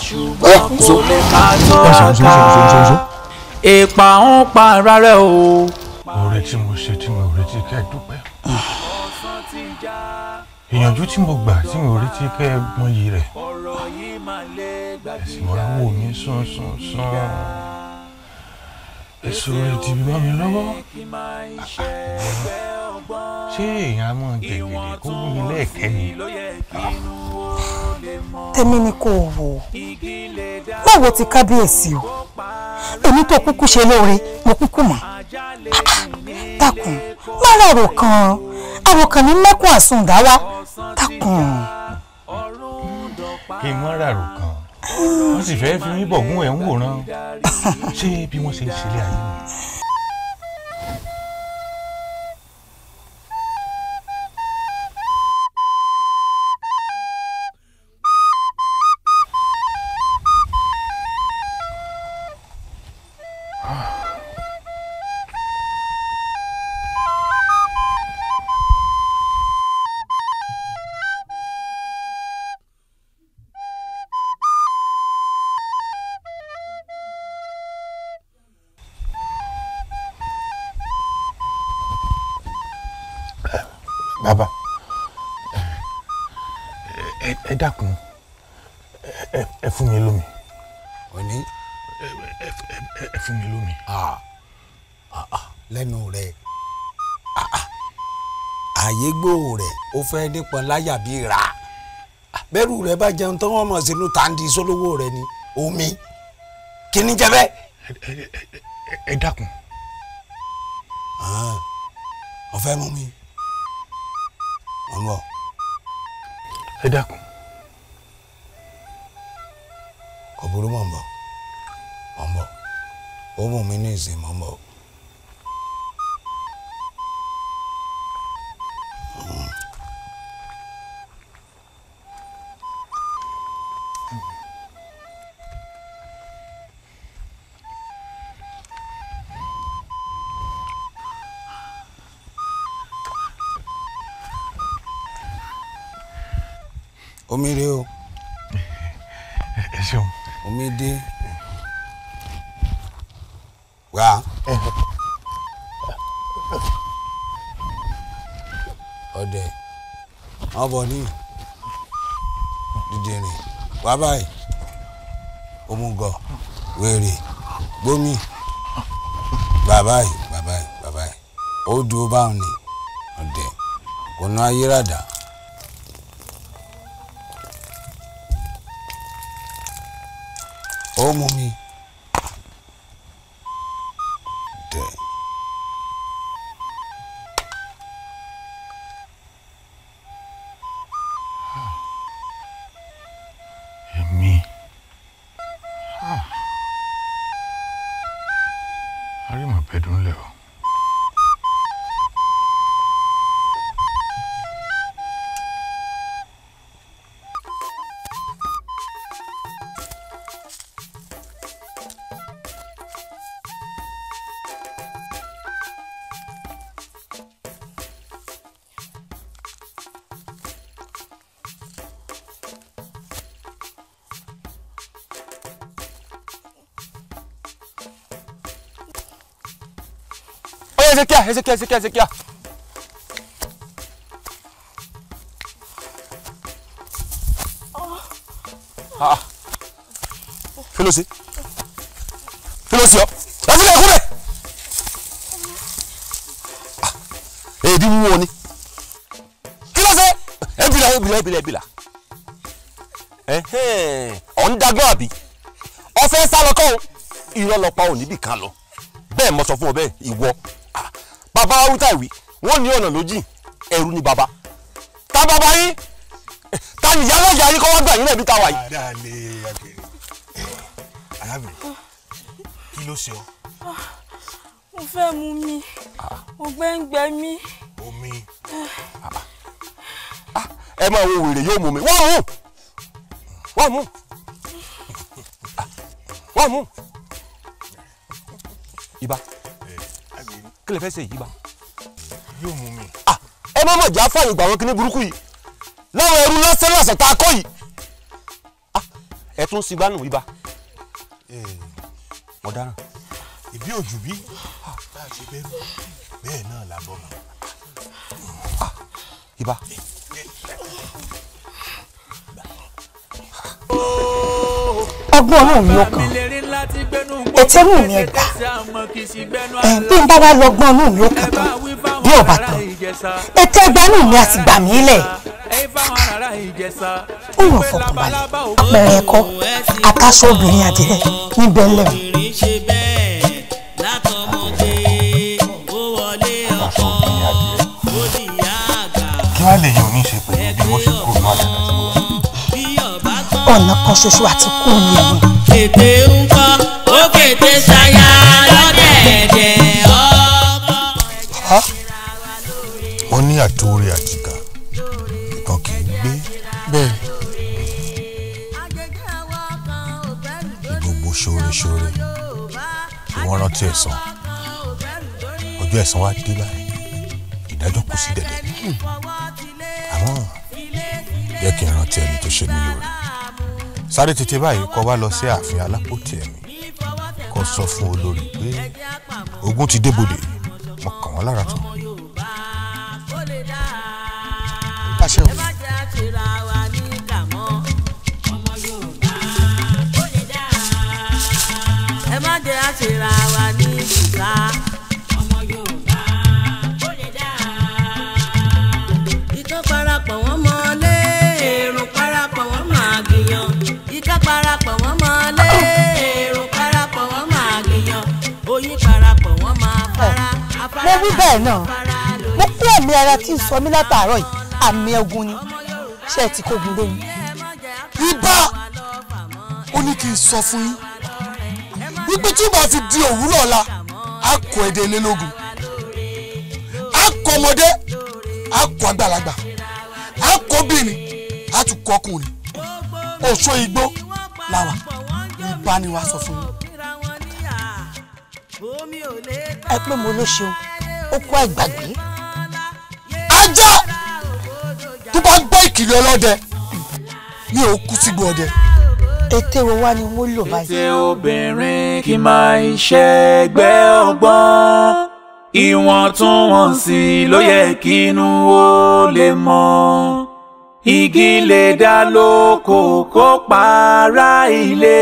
Speaker 3: ṣùgbọ́n kò lè ká tó ọ̀ka ìpà ń pa ara rẹ
Speaker 5: o. ọ̀rẹ́ tí mo ṣe tí mo retí kẹ́ ẹ dúpẹ́ ìyànjú tí mo gbà tí mi ò retí kẹ́ ẹ mọyì rẹ̀ ẹ̀sìn ọ̀rẹ́ wo mi sún sún sún ìṣòro ìdí mi mọ́ mi lọ́wọ́ ṣé èèyàn á mọ̀ gbẹ̀gbẹ̀rẹ̀ kó gún mi lẹ́ẹ̀kẹ́ ni.
Speaker 1: tèmi ni kò wò báwo ti kábíyèsí o èmi tó kúkú ṣe lóore mo kúkú mọ̀ dákun má rárò kan àròkàn ní mẹ́kún àsundà
Speaker 5: wá dákun. kí n má rárò wọ́n sì fẹ́ fi yín bọ̀gún ẹ̀ ń wòran ṣé bí wọ́n ṣe ń ṣe ilé ayé mi. dákun ẹ fún mi lómi. òní. ẹ fún mi lómi.
Speaker 1: lẹ́nu rẹ̀ àyégbò rẹ̀ ó fẹ́ nípọn láyà bí ra bẹ́rù rẹ̀ bá jẹun tán wọ́n mọ̀ sínú tàǹdì sólówó rẹ̀ ni omi kí ni jẹ́ bẹ́ẹ̀. ẹ dákun.
Speaker 5: ọ̀fẹ́ mú mi. ọ̀nbọ̀. ẹ dákun.
Speaker 1: wá bọ̀ ní dídìrín wá báyìí òmùgọ̀ wèrè gbómi bàbá yìí bàbá yìí bàbá yìí ó dúró báwọn ni ọ̀dẹ̀ kò ná ayé ràdà. Ezekia, Ezekia, Ezekia. Ah. Fais-le aussi. Fais-le aussi. vous l'avez, vous l'avez. Et dis-moi où on est. sì gbánù
Speaker 5: ibà. ọ̀daràn. ìbí òjò bí bá a ṣe bẹ́rù bẹ́ẹ̀ náà la bọ̀ mọ́. Ah, ibà.
Speaker 1: ọgbọ́n náà mi ọkàn
Speaker 3: ètè mú mi ẹgbà ẹ̀ bí n
Speaker 1: bá wá lọ́gbọ́n náà mi ọkàn tán bí ọ̀bà tán ètè ẹgbà náà mi àti gbà mí lẹ̀ ó yàn fọkàn balẹ̀ pẹ̀rẹ̀ ẹ̀kọ́ àtàṣọ
Speaker 4: obìnrin àdìrẹ níbẹ̀ lẹ́wọ̀n. ọ̀nà kan ṣoṣo àti kú ni ẹ̀wọ̀n. ètè ń kọ́ ó kété ṣayá lọ́dẹ̀ẹ̀dẹ̀
Speaker 5: ọkọ̀. wọ́n ní àtúwòrè àti tí ẹ̀san ọjọ́ ẹ̀san wa dé báyìí ìdájọ́ kù sí dẹ̀dẹ̀ àmọ́ yẹ kí n rántí ẹni tó ṣe mí lóore sáré tètè báyìí kó wá lọ sí ààfin alápòtì ẹ̀mí kó sọ fún olórí pé ogun ti débodè mo kàn wọ́n lára tán
Speaker 2: bẹ́ẹ̀ náà mo kú ẹ̀mí ara tí ń sọ mí látàárọ̀ yìí àmì
Speaker 1: ogun ni ṣé ẹ ti kógun lé mi. ibà ó ní kí n sọ fún yín wípé tí bá fi di òwúrọ̀ ọ̀la á kọ èdè lélógún á kọ ọmọdé á kọ àgbàlagbà á kọ obìnrin á tún kọ ọkùnrin òṣó igbó làwà ibà sọ fún yín. ẹ pé mo ló ṣeun oko àgbàgbé ajá
Speaker 3: tó bá ń gbọ́ ìkìlì ọlọ́dẹ ní òkú sígbó ọdẹ. ète wo wá ni wọ́n lò báyìí. ète obìnrin kì máa iṣẹ́ gbẹ́ ọgbọ́n ìwọ̀ntúnwọ̀nsì ló yẹ kí inú ó lè mọ́ igi lè dá lóko kó para ilé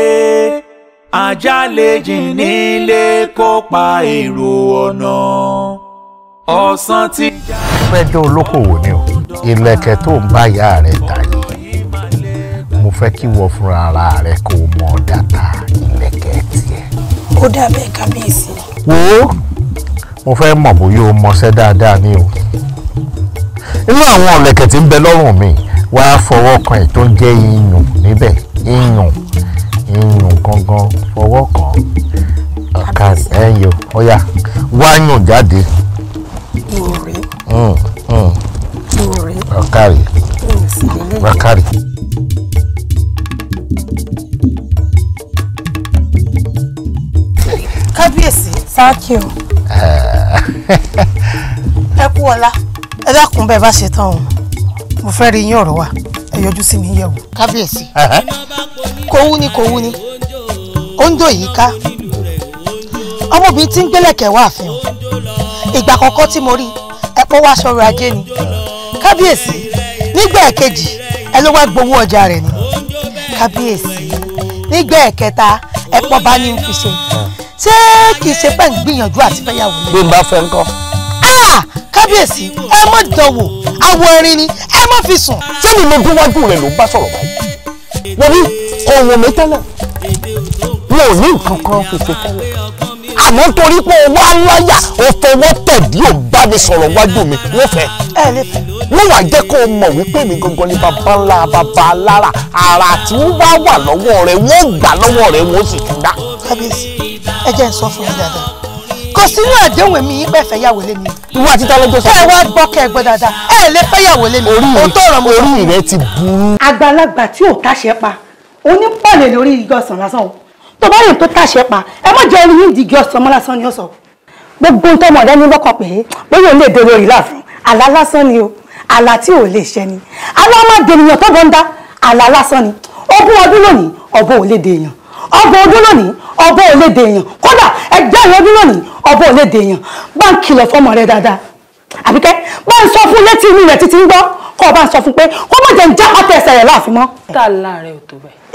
Speaker 3: ajá lè jìn nílé kó pa èrò ọ̀nà ọ̀sán ti já.
Speaker 1: fẹ́ jẹ́ olókòwò ni o ìlẹ̀kẹ̀ tó ń bá ìyá rẹ̀ tà yìí mo fẹ́ kí wọ́n fúnra ara rẹ̀ kó o mọ̀ dáta ìlẹ̀kẹ̀ tiẹ̀. ó dàbẹ̀ kábíyèsí. wo mo fẹ́ mọ̀ bóyá o mọṣẹ́ dáadáa ni o inú àwọn ìlẹ̀kẹ̀ tí ń bẹ lọ́rùn mi wàá fọwọ́ kan ẹ̀ ń jẹ́ iyùn níbẹ̀ iyùn iyùn gangan fọwọ́ kan ọ̀ka ẹ̀yọ ọ̀ya wáyùn jáde. Mure. Mm, mm. Mure. Bakari.
Speaker 4: Nsidele. Bakari.
Speaker 1: Kábíyèsí, sáàkì o. Eh. Ẹ kú ọlá. Ẹ dákun bẹ́ẹ̀ bá ṣe tán o. Mo fẹ́ rí yín ọ̀rọ̀ wa. Ẹ yọjú sí mi yẹ̀wò. Kábíyèsí.
Speaker 2: Kò wú ni kò wú ni. Ó ń dò yìí ká. Ọmọbìnrin tí ń gbélẹ̀kẹ̀ wá àfihàn
Speaker 1: ìgbà àkọ́kọ́ tí mo rí ẹ̀pọ̀ wá sọ̀rọ̀ ajé ni kábíyèsí nígbà ẹ̀kejì ẹ ló wá gbowó ọjà rẹ̀ ni kábíyèsí nígbà ẹ̀kẹta ẹ̀pọ̀ bá ní fi ṣe ṣé kì í ṣe pẹ́ ń gbìyànjú àti fẹ́yàwó lẹ́yìn. bí n bá fẹ́ ń kọ́. kábíyèsí ẹ mọ̀ dánwò àwọ̀ erin ni ẹ mọ̀ fi sùn. sẹ́ni mo dún wájú rẹ̀ ló bá sọ̀rọ̀ báyìí wọ́n ní ọ̀wọ̀n mi wọn ò ní nǹkan kan fi tẹ́lẹ̀ àmọ́ torí pé o wá láyà o fọwọ́ tẹ̀dí o bá mi sọ̀rọ̀ wájú mi wọ́n fẹ́ ẹ lè fẹ́ wọ́n wàá jẹ́ kó o mọ̀ wípé mi gangan ni bàbá ńlá bàbá alára àrà tí wọ́n bá wà lọ́wọ́ rẹ̀ wọ́n gbà lọ́wọ́ rẹ̀ wọ́n sì tún dá. kábíyèsí ẹ jẹ́ ń sọ fún mi dáadáa kò sínú àdéhùn èmi yín pẹ́ fẹ́ yàwó lé mi. ìwọ àti tá lọ́jọ́ sọ. ẹ wá gbọ́ kẹ́ ẹ gbọ́ dáadáa ẹ lè fẹ́ yàwó lé mi. orí rẹ ti burú. àgbàlagbà tí ò táṣẹ pa onípàlè lórí igọ̀sán lásán o tó bá lè tó tàṣẹ pa ẹ má jẹ́ orin ìdíje ọ̀sán mọ́ lásán ni ó sọ gbogbo ohun tọmọ ọ̀dẹ́ ní lọ́kàn pé bóyá òun lè dèrò ìlà fún àlá lásán ni o àlá tí ò lè ṣẹ ni àlá má dènìyàn tó bọ́ ń dá àlá lásán ni ogún ọdún lónìí ọbọ ò lè dèèyàn Obo ọdún loni obo o le de kódà ẹgbẹ̀rún ọdún lónìí ọbọ ò lè dèèyàn bá ń kìlọ̀ fọmọ rẹ dáadáa àbíkẹ́ bá ń sọ fún létí inú rẹ̀ títí ń gbọ́ kó o bá ń sọ fún
Speaker 2: pé kó má jẹ́ ń já ọ̀tẹ̀ ẹsẹ̀ rẹ̀ láàfin mọ́.
Speaker 1: tá a láàárẹ̀ ò tó bẹ́ẹ̀.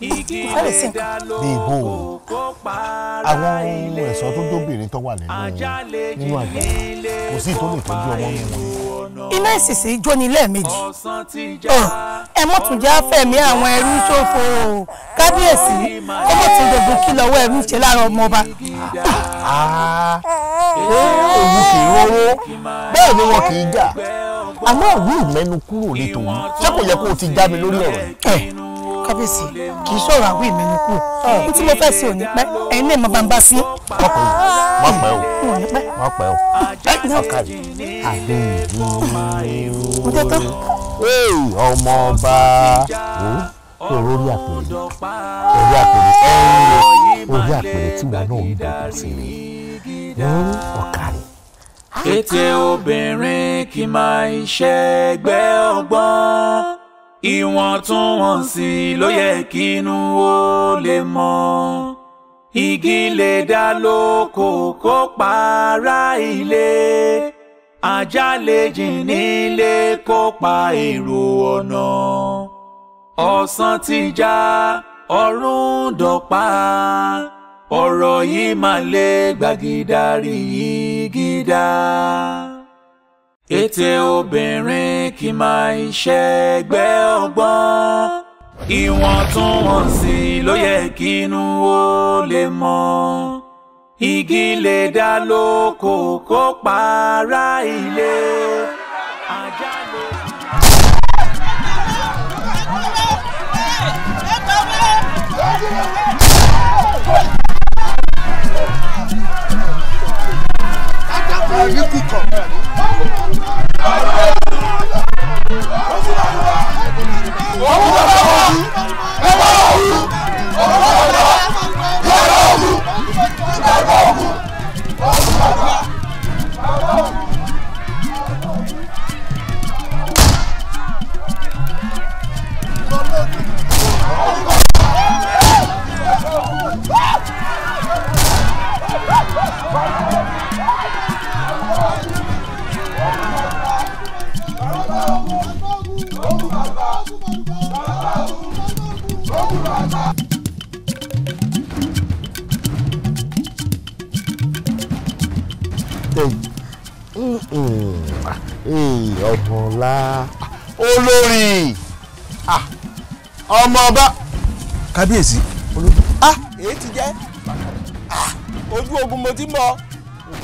Speaker 4: fẹ́rẹ̀ sí nǹkan.
Speaker 1: bí ẹ̀ṣọ́ tó dóbìnrin tó wà nínú àgbà kò sí ìtọ́jú ìtọ́jú ọmọ nínú. iná ìsìsì jóni lẹ́ẹ̀mejì oh, ẹ mọ̀ tún já fẹ̀mí àwọn ẹrú ṣòfò kábíyèsí ẹ mọ̀ tún gbogbo kí lọ́wọ́ ẹrú ṣe lára ọmọ ah, ah, ah. òun kì í rówó bẹ́ẹ̀ ni wọn kì í jà àmọ́ òun mẹ́nu kúrò létòun ṣé kò yẹ kó o ti já mi lórí ọ̀rọ̀ yìí kábíyèsí kì í ṣòro àwọn ìmẹ̀nu kù ohun tí mo fẹ́ sí òní pẹ́ ẹ̀yin náà máa bá ń bá sí. má pẹ́ o má pẹ́ o má pẹ́ o ọ̀kadì àbẹ̀yìn mo tẹ́ ọmọ ọba ó lórí àpèrè lórí àpèrè ẹ̀yìn lórí àpèrè tí wọn náà ń dòkun sí mi
Speaker 3: ní ọ̀kadì. ètè obìnrin kì í máa ṣẹ́gbẹ́ ọgbọ́n ìwọ̀ntúnwọ̀nsì ló yẹ kínú ó lè mọ́ igi lè dá lóko kó para ilé ajá lè jìn nílé kó pa èrò ọ̀nà ọ̀sán ti já ọ̀run dọ̀pá ọ̀rọ̀ yìí máa lè gbàgídárì yìí gídá ète obìnrin kì máa iṣẹ́ ẹgbẹ́ ọgbọ́n ìwọ̀ntúnwọ̀nsì ló yẹ kí inú ó lè mọ́ igi lè dá lóko kó para ilé.
Speaker 1: ọwọ́ ọ̀hún ẹ̀wọ̀n ọ̀hún ọ̀hún. àlà olórin ah, ọmọ ọba kábíyèsí ológun ah èyí ti jẹ́ ah, ojú ogun mo ti mọ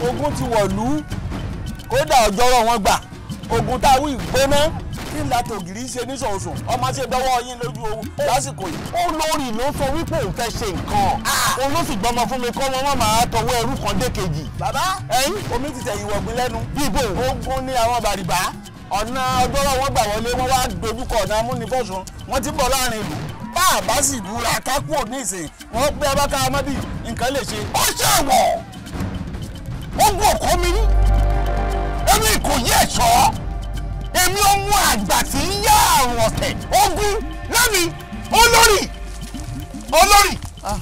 Speaker 1: ogun ti wọ̀lú kódà ọjọ́rọ̀ wọn gbà ogun tá a wí gbóná kí n láti ògiri ṣe níṣọ̀ọ̀ṣọ̀ ọmọ ṣe dọ́wọ́ yín lójú owó lásìkò yìí. olórí ló sọ wípé òun fẹ́ ṣe nǹkan ah! òun ló sì gbọ́mọ fún mi kọ́ wọn wọn máa tọwọ́ ẹrú kan dé kejì. bàbá ẹyin omi ti tẹ̀yìn wọ̀gbìn lẹ́nu. bíbò ogun ni àwọn bàrìbà ọ̀nà ọjọ́rọ̀ wọn gbà wọlé wọn wá dojúkọ ọ̀nà amúnibọ̀sùn wọn ti bọ̀ láàrin ìlú bá a bá sì dúra kákú òní ìsìn wọn gbé abáká amọ́bí nǹkan lè ṣe. ó ṣèwọ̀ wọ́n gún ọkọ mi ní èmi kò yí ẹ̀ṣọ́ èmi ọmọ àgbà tí ń yá àrùn ọ̀tẹ̀ ogun lẹ́mi olórí olórí ah.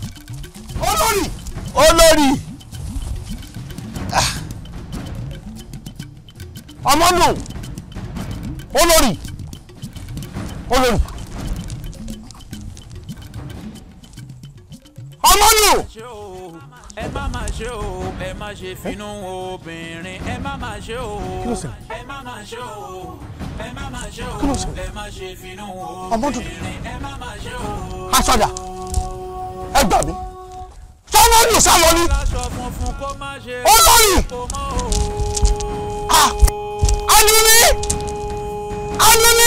Speaker 1: olórí olórí ah. ọmọ nù
Speaker 3: olórí olórí ọmọ ni o. ẹ má má ṣe o ẹ má ṣe finú obìnrin ẹ má má ṣe o ẹ má má ṣe o ẹ má má ṣe o ẹ má ṣe finú obìnrin ẹ má má ṣe o.
Speaker 1: aṣọ́jà ẹ gbà mí sọ́wọ́n ni sálọ ni
Speaker 4: olórí
Speaker 3: anini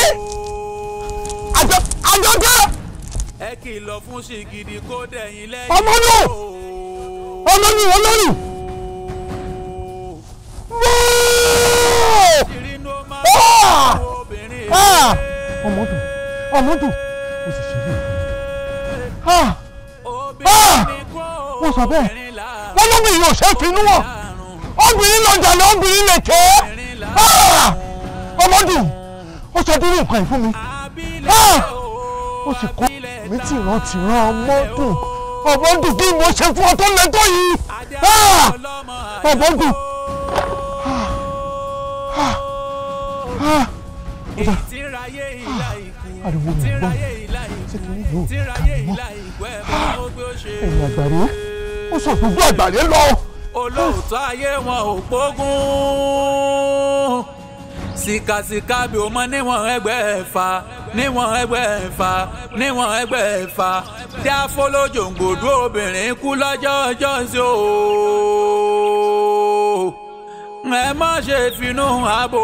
Speaker 3: àjọkẹ́. ẹ kìlọ̀ fún ṣìgìdì kó dẹ̀yìn lẹ́yìn. ọmọ nù ọmọ nù olórí. ọmọ dùn ọmọ dùn o sì ṣe bẹ́ẹ̀.
Speaker 1: wọ́n sọ bẹ́ẹ̀ wọ́n lómi yóò ṣe é finú wọn. nǹkan yìí fún mi ah! ó sì kọ́ mi tí ìran ti ran ọmọ dùn ọmọ dùn kí mo ṣe fún ọ tó lẹ tó yìí ah!
Speaker 3: ọmọ dùn. Ah! ariwo mi gbọ́ ṣé kí n yóò kà mọ́ ẹ̀yìn àgbàre ó sọ fún gbọ́ lọ. olóòótọ́ ayé wọn ò gbógun sìkàsìkà bí o mọ níwọ̀n ẹgbẹ̀fà níwọ̀n ẹgbẹ̀fà níwọ̀n ẹgbẹ̀fà tí a fọlójò ń gbòdú obìnrin kú lọ́jọ́ ọjọ́ sí o. ẹ má ṣe finú abo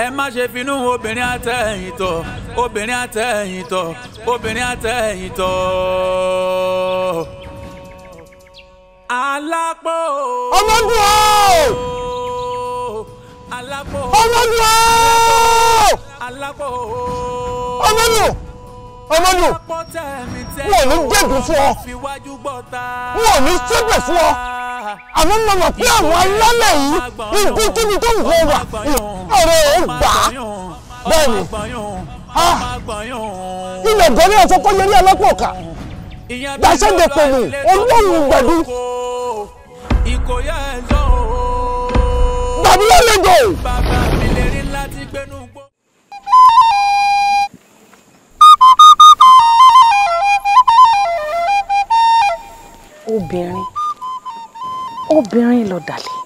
Speaker 3: ẹ má ṣe finú obìnrin àtẹ̀yìntọ̀ obìnrin àtẹ̀yìntọ̀ obìnrin àtẹ̀yìntọ̀ alápò. ọmọ ń ọ́ ọmọlúwa ọmọlúwa ọmọlúwa wọn ò ní gbẹ̀gùn fún ọ wọn ò ní sẹ́gbẹ̀ fún ọ àmọ́ mo mọ̀ pé àwọn alálẹ̀ yìí ibi
Speaker 4: kíbi tó ń gbọ́ wà ọ̀rọ̀ ò gbà á bẹ́ẹ̀
Speaker 1: ni ilẹ̀ gọ́lẹ́ ọ̀sán kọ́ yẹlé ọlọ́pọ̀ ọ̀ka gbàṣẹ́ dẹ̀pọ̀ mi olóhùn gbẹ̀dú.
Speaker 3: ìkòyà ẹ̀ lọ́wọ́ tàbí lálejò. bàbá mi lè rí láti gbénú gbó.
Speaker 1: obìnrin obìnrin lọ̀dàlẹ̀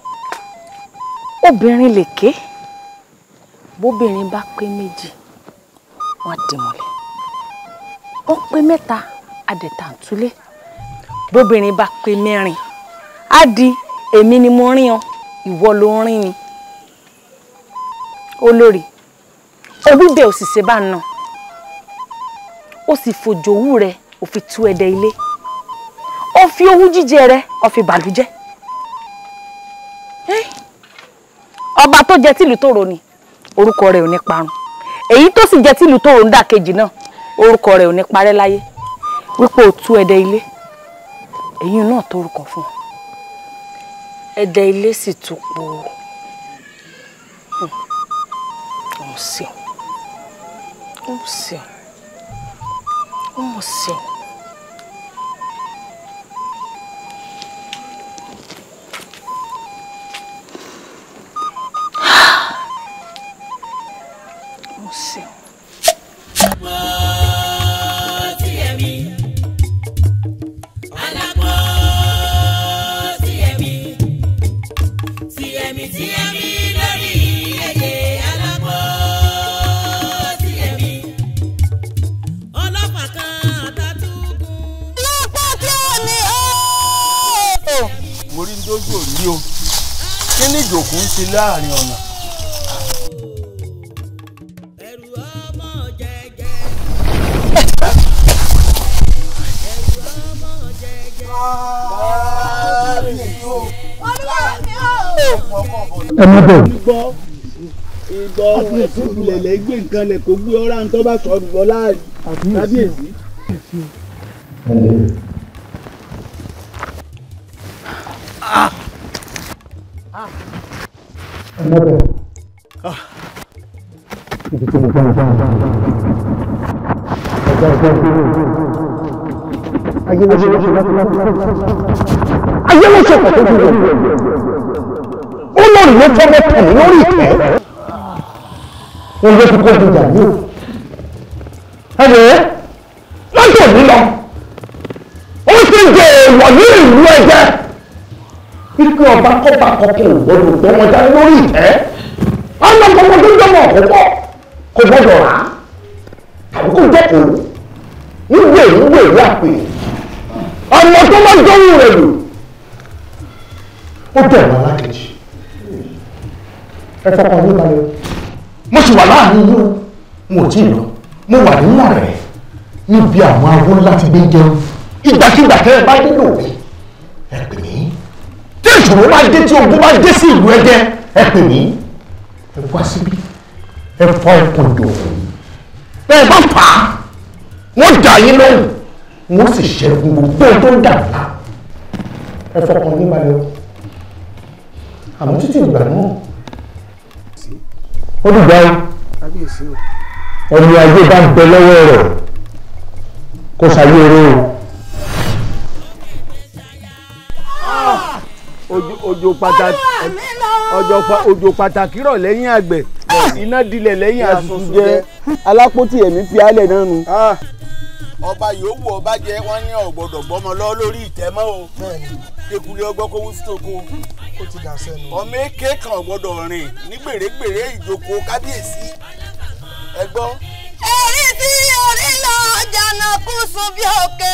Speaker 1: obìnrin lèké bóbìnrin bá pé méjì wọ́n dìmọ̀lẹ̀ ó pé mẹ́ta adẹ̀tàǹtúlẹ̀ bóbìnrin bá pé mẹ́rin á di èmi ni mo rí ọ ìwọ ló ń rìn ni olórí olúdẹ ò sì ṣe bá ń nà ó sì fòjòwú rẹ ò fi tú ẹdẹ ilé ó fi owú jíjẹ rẹ ó fi bàlújẹ́ ọba tó jẹ tìlú tòrò ni orúkọ rẹ ò ní parun èyí tó sì jẹ tìlú tòrò ń dà kejì náà orúkọ rẹ ò ní parẹ́ láyé wípé ó tú ẹdẹ ilé èyí náà tó orúkọ fún un ẹ̀dẹ̀ ilé sì tún po
Speaker 4: ọ̀hún ṣeun ọ̀hún ṣeun
Speaker 1: ọ̀hún kí ni ìjòkó ń ṣe láàrin ọ̀nà. ẹ má bẹ̀rù. ìgbọ́ ìlẹ̀lẹ̀ gbé nǹkan lẹ̀ kó gbé ọ́rá ń tọ́ bá sọ̀rọ̀ lọ́la kábíyèsí. mọ́tò. ibi tí mo fẹ́ fẹ́ fẹ́ ọjọ́ ayé ló ṣe pàtó tó
Speaker 4: ó lórí ló tọ́ mẹ́tò
Speaker 1: lórí ìtẹ́ ó lé kókó ìjà yìí ẹ lè lọ́jọ́ òní lọ ó ti jẹ èèwọ̀ ní ìlú ẹ̀jẹ̀ wípé ọba kọba kọkọ ò gbọ́dọ̀ gbọ́ wọn já lórí ìtẹ́ ọ̀nà gbogbo tó ń jọmọ àkókò kò gbọ́dọ̀ rà tàbí kò jẹ́kọ̀ọ́ nígbè nígbè lápè ọmọ tó bá jọ̀wọ́ rẹ̀ lò ó bẹ̀rẹ̀ alákejì ẹ fọkàn yín balẹ̀ mo sì wà láàrin yín mo ò tí ì lọ mo wà nílà rẹ̀ níbi àwọn awo ńlá ti gbé jẹun ìgbàkigbà tẹ́ bá nílò mi ìṣòro bá dé tí ogun bá dé sí ìlú ẹ̀jẹ̀ ẹ pè mí ẹ wá síbí ẹ fọ ẹkùn dò bẹ́ẹ̀ bá fà á wọ́n dà yín lóhùn wọ́n sì ṣẹ́gun gbogbo tó ń dà wá ẹ fọkàn yín balẹ̀ o àmọ́ títí ìgbà náà ó dìgbà ẹni ayé bá ń bẹ lọ́wọ́
Speaker 5: rẹ̀ kó ṣayé eré o.
Speaker 1: ọjọ́ pàtàkì ọjọ́ pàtàkì rọ̀ lẹ́yìn àgbẹ̀ ah! iná dilẹ̀ lẹ́yìn àtúntò jẹ́ alápótí ẹ̀mí fi alẹ̀ náà nu. Ah! ọba yòówù ọba jẹ wọn ní ọgbọdọ gbọmọ lọ lórí ìtẹmọ o ekule ọgbọ kó wúsítò kó ọmọ èké kan ọgbọdọ rìn ní gbèrègbèrè ìjókòó kábíyèsí ẹ gbọ́.
Speaker 4: èyí tí orí lọ jàǹdà kù sùn bí òkè.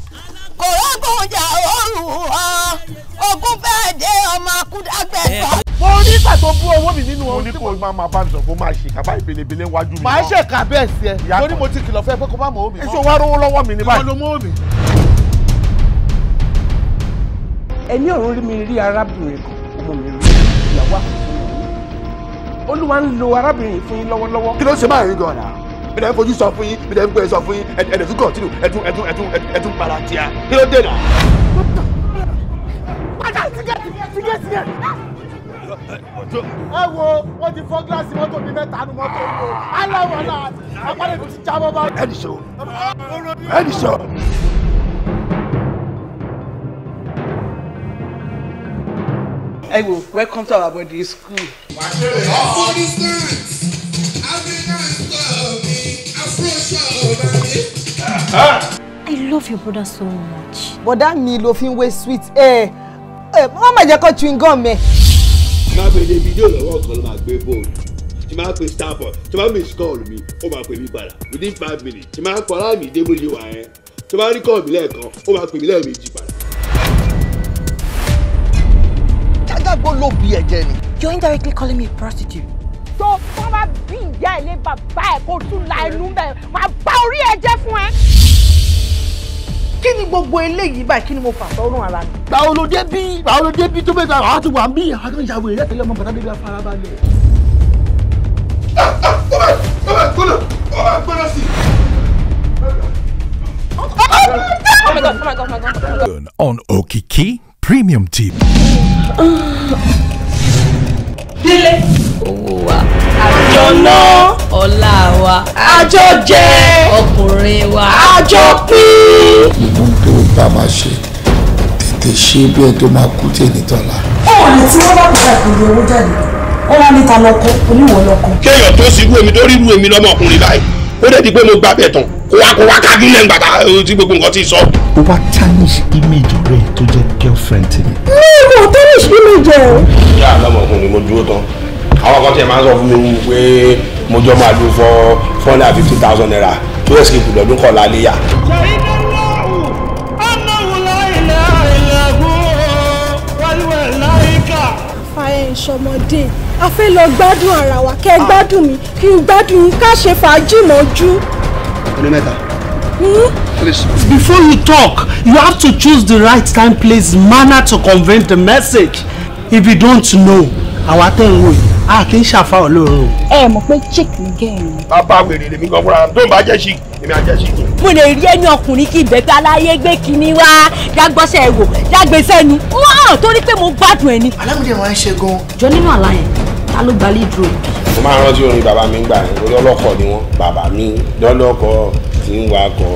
Speaker 2: kò rọ́gbọ̀njà òòrùn ọ ogun fẹ́ẹ́ dé ọmọ
Speaker 4: akúndàgbẹ́sọ.
Speaker 1: Eh. mo ní pàtó bú owó mi nínú ohun tí mo. mo ní kó máa máa bá mi sọ̀rọ̀ kó máa ṣe kaba ìbelebele wájú mi. màá ṣe kà bẹ́ẹ̀ sí ẹ torí mo ti kìlọ̀ fẹ́ pé kó má mọ omi. èso wa rówó lọ́wọ́ mi ní báyìí. ìwọ ló mọ omi. ẹni ọ̀run rí mi rí arábìnrin kan ọmọ mi rí ìyàwó àkókò olúwa ń lo arábìnrin fún yín lọ́wọ́lọ́wọ́. kí ló ṣe báyìí gan-an mi ń fojú sọ fún yín mi ń gbé sọ fún yín ẹ̀dẹ̀ tún kọ̀tínù ẹ̀tún ẹ̀tún ẹ̀tún ẹ̀tún para tíya kí ló dènà.
Speaker 2: padà sígẹ́tì sígẹ́tì
Speaker 1: yẹn. ẹ wo wọ́n ti fọ́ gíláàsì mọ́tò mi mẹ́ta nu mọ́tò mi o aláwọ̀ náà àpárẹ̀ mi ti jábọ́ bá. ẹnì sọ ẹnì sọ. Hey, welcome to our body school. Wow.
Speaker 4: Oh,
Speaker 2: I
Speaker 4: love
Speaker 1: your brother so much. Brother, me ló fi ń wé sweet eh. ẹ wọ́n máa jẹ́ kó chewing gum ẹ. Má pe de fídíò lọ́wọ́ kan ló máa gbé bóòlù. Tí máa pe starboy, tí máa miss call me. ó máa pè mí padà within five minutes. Tí máa kọ́ láàmì débòye wà ẹ́. Tí máa rí call mi lẹ́ẹ̀kan, ó máa pè mí lẹ́ẹ̀mejì padà. Jágàgbó ló bí ẹ̀jẹ̀ ni. You're indirectly calling me a prostitute. So, bá bá ìyá ẹ̀ lé bàbá ẹ̀ kó tún la ẹnu bẹ̀ máa bá orí ẹ jẹ́ fún ẹ. kí ni gbogbo eléyìí báyìí kí ni mo fà sọ́rùn ara mi. báwo ló dé bí báwo ló dé bí tó bẹ́ẹ̀ ta àwọn àti wà ń àwọn ìyàwó ìyá tẹ̀lé ọmọ bàtà débi afárábalẹ̀. ọmọ gbọ́dọ̀
Speaker 5: On Okiki Premium TV.
Speaker 1: Ah.
Speaker 4: Dele. Oh,
Speaker 5: wow àjọná
Speaker 4: ọlá wa àjọjẹ ọkùnrin wa àjọpín.
Speaker 1: ìbọn tó bá máa ṣe tètè ṣe bí ẹ tó máa kú tèmi tọ́la. ó lè tí wọ́n bá padà pẹ̀lú owó jáde ó wá níta lọ́kọ oníwọ̀ lọ́kọ. kéèyàn tó ṣubú èmi tó ríru èmi lọ́mọkùnrin báyìí ó dẹ̀ di pé mo gbà bẹ̀ tán kó wá kó wá kájú lẹ́nu gbàgbà tí gbogbo nǹkan ti sọ. ó wá tarnish image rẹ tó jẹ girlfriend mi. mi ò tarnish image ẹ. ìyá àlámọ̀kùnrin mo dúró tán àwọn kan tiẹ̀ máa ń sọ fún mi pé mo jọ máa lu fọ four hundred and fifty thousand naira tó yẹ skip lọ́dún kọ̀ọ̀la léyà. ìṣọmọdé a fẹ́ lọ gbádùn ara wa kẹ́ gbádùn mi kí n gbádùn ká ṣe fàájì mọ́jú. ọ̀nà mẹ́ta. Hmm? Before you talk, you have to choose the right time, place, manner to convey the message. If you don't know, àwa tẹ́ ń wò yìí a kì í ṣàfà olóòórùn. ẹ mọ̀ pé chic ni gẹ̀ẹ́rùn. bàbá wèrè lèmi gan fúnra tó ń bá jẹ́ chic èmi àjẹ́ chic. mo lè rí ẹni ọkùnrin kí ìbẹ̀tẹ̀ aláyé gbé kinní wá dágbọ́sẹ̀ wò dágbèsẹ́ ni wọ́n hàn torí pé mo gbádùn ẹ̀ ni. alámìdí máa ń ṣe gan. jọ nínú àlá yẹn ta ló gba lead role. mo máa ń rántí orin bàbá mi gbà ní orí ọlọ́kọ̀ ni wọ́n bàbá mi lọ́lọ́kọ̀ ti ń wakọ̀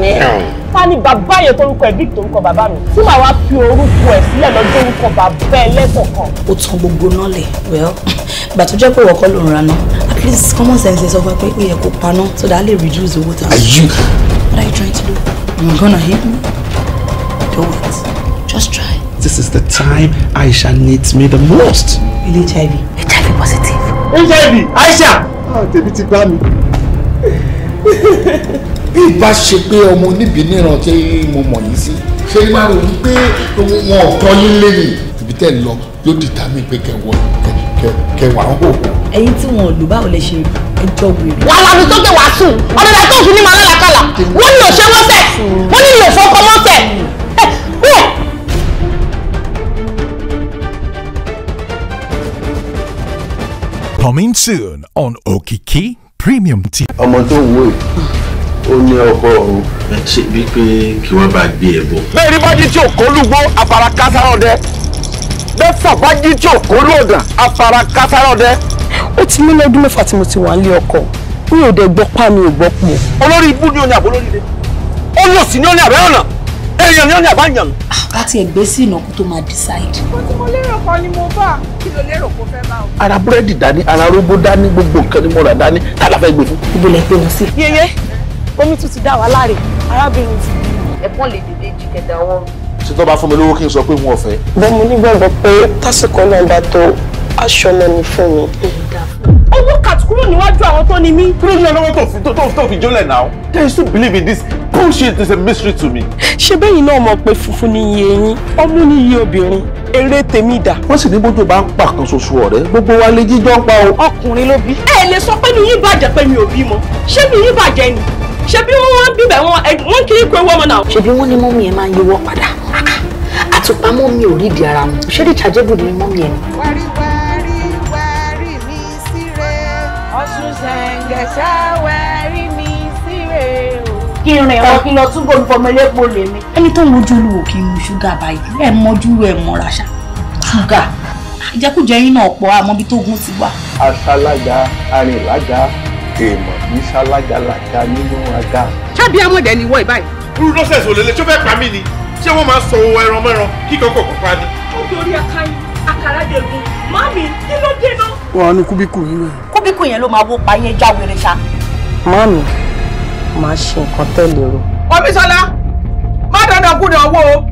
Speaker 1: mẹ́rin ta ni bàbá yẹn torúkọ ẹ̀ bíi torúkọ bàbá mi tí màá wá fi orúkọ ẹ̀ sílẹ̀ lọ́jọ́ orúkọ bàbá ẹlẹ́sọ̀ kan. ó tan gbogbo náà lẹ̀ well ìgbà tó jẹ́ pé ìwọ kọ́ ló ń raná at least common sense sọ fún ẹ pé ó yẹ kó paná so that I lè reduce owó tà. are you. what are you trying to do? am gonna hit me? do it just try. this is the time Aisha needs me the most. ilé HIV. HIV positive. HIV Aisha. ah tèmi ti gbá mi. bí ìbá ṣe pé ọmọ oníbìníran tí mo mọ̀ yìí sí ṣé ní máa rò wí pé wọn ò tọ́ yín lẹ́yìn ibi tẹ́ ẹ lọ yóò dìtà mí pé kẹwọ́ kẹwàá ń hò. ẹ̀yin tí wọn ò lù báwo lẹ ṣe ẹjọ́ wèrè. wàhálà mi tó gbé wàá sùn ọ̀dọ̀dà tó sùn ní màá lálàkàlà wọ́n ní òṣè wọ́n ní ìlò
Speaker 5: Coming soon on Okiki Premium TV. ọmọ tó ń wò yìí ó ní ọkọ òun. ṣe bí pé kí wọ́n bá gbé ẹ bọ̀.
Speaker 1: bẹ́ẹ̀ ni bájí tí òkó lúgbó afara kásárọ̀dẹ bẹ́ẹ̀ fà bájí tí òkó lòdàn afara kásárọ̀dẹ. ó ti mú lọ́dún mẹ́fà tí mo ti wà nílé ọkọ mi ò dẹ̀ gbọ́ pa mi ò gbọ́ pọ̀. olórí ibú ni oní àbólórí le ó lò sí ní ó ní àbẹ́ ọ̀nà èèyàn ni ó ní àbáyàn. láti ẹgbẹ́ sí ìnáwó tó máa decide. mo ti mo lérò kan ni mo bá kí ló lérò kó fẹ́ bá o. ara búrẹ́dì dání ara rógbó dání gbogbo nǹkan ni mo rà tá a la fẹ́ gbé fún. ibi lẹ gbé wọn omi tún ti dá wa láre arábìnrin ti ẹ̀gbọ́n lè dédé jí kẹta ṣé tó fún mi lówó kí n sọ pé wọn ò fẹ́. bẹ́ẹ̀ mo nígbàgbọ́ pé tásìkò náà bá tó aṣọ náà ní fún mi. owó kàtúkúrò níwájú àwọn tó ni mí. kúrò ní ọlọ́wọ́ tó fi tó tó fi jólẹ̀ náà. can you still believe in this bullshit is a mystery to me. ṣé bẹ́yìn náà mọ̀ pé funfun ni iye yín ọmú ni iye obìnrin eré tèmi dà. wọ́n sì ní bójú bá ń pa kan ṣoṣo ọ̀rẹ́ gbogbo wa lè jíjọ́ pa o. ọkùnrin ló bí. ẹ lè sọ pé mi yín bàjẹ́ pé mi ò bímọ ṣé mi yín bàjẹ́ ni ṣe bí wọ́n bíbẹ̀ wọn wọ́n kiri kó ewu ọmọ náà. ṣe bí wọ́n ní mọ́mí ẹ̀ máa ń yọwọ́ padà àtùpà mọ́mí ò rí ìdí ara wọn ṣé ní ìtàjẹ́bù ni mọ́mí ẹ̀ ni.
Speaker 2: wárí wárí wárí mi síre ọ̀sùn ṣẹ̀ǹgẹ̀ṣà wárí mi síre o.
Speaker 4: kí n
Speaker 1: rìn ọ kí n lọ túbọ̀ ní fọmọ elépo lèmi. ẹni tó ń wojú olúwo kì í mu ṣúgà báyìí ẹ mọjú ẹ mọra ṣá ṣúgà ìjẹkújẹ yín náà pọ̀ àmọ́ tó gún ti wá. àṣàlágà arìnlágà èèmọ̀ ní ṣálájàlájà nínú aga. ṣábí amọ̀dẹ ni wọ́ ì báyìí. irú nọ́sẹ̀sì ò lélẹ̀ tí ó fẹ́ pa mí ni ṣé wọ́n máa ń sọ ohun ẹran mẹ́ran kíkan kọ̀ọ̀kan pa ni. nítorí akáyí àkàràdégun mami kí ló dé náà. wọn á nu kúbíkù yín náà. kúbíkù yẹn ló máa wó pa yẹn jáwèrè ṣá. mami máa ṣe nǹkan tẹ́lẹ̀ o. omiṣọlá
Speaker 2: má dandan kú ni ọwọ́ o.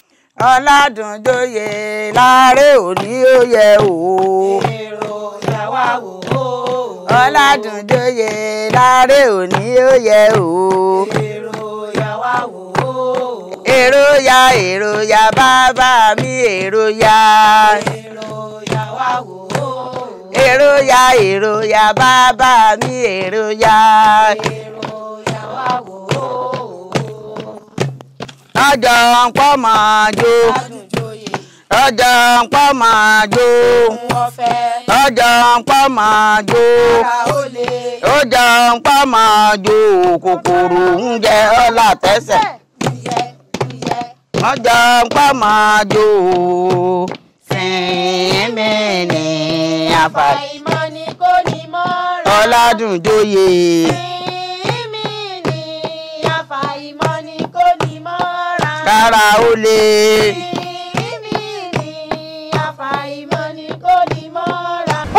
Speaker 1: ọ̀làdúnjòyè
Speaker 2: láàárẹ̀ òní ó yẹ o. èrò ìyàwó wò ó. ọ̀làdúnjòyè láàárẹ̀ òní ó yẹ o. èrò ìyàwó wò ó. èrò ya èrò ya bàbá mi èrò ya. èrò ìyàwó wò ó. èrò ya èrò ya bàbá mi èrò ya. èrò ìyàwó wò ó ajá ń pa máa jó ajá ń pa máa jó ajá ń pa máa jó ajá ń pa máa jó kòkòrò ń jẹ ọ́ látẹ́sẹ̀ ajá ń pa máa jó sinmi ní àfàìmọ̀ ni kára ó lè.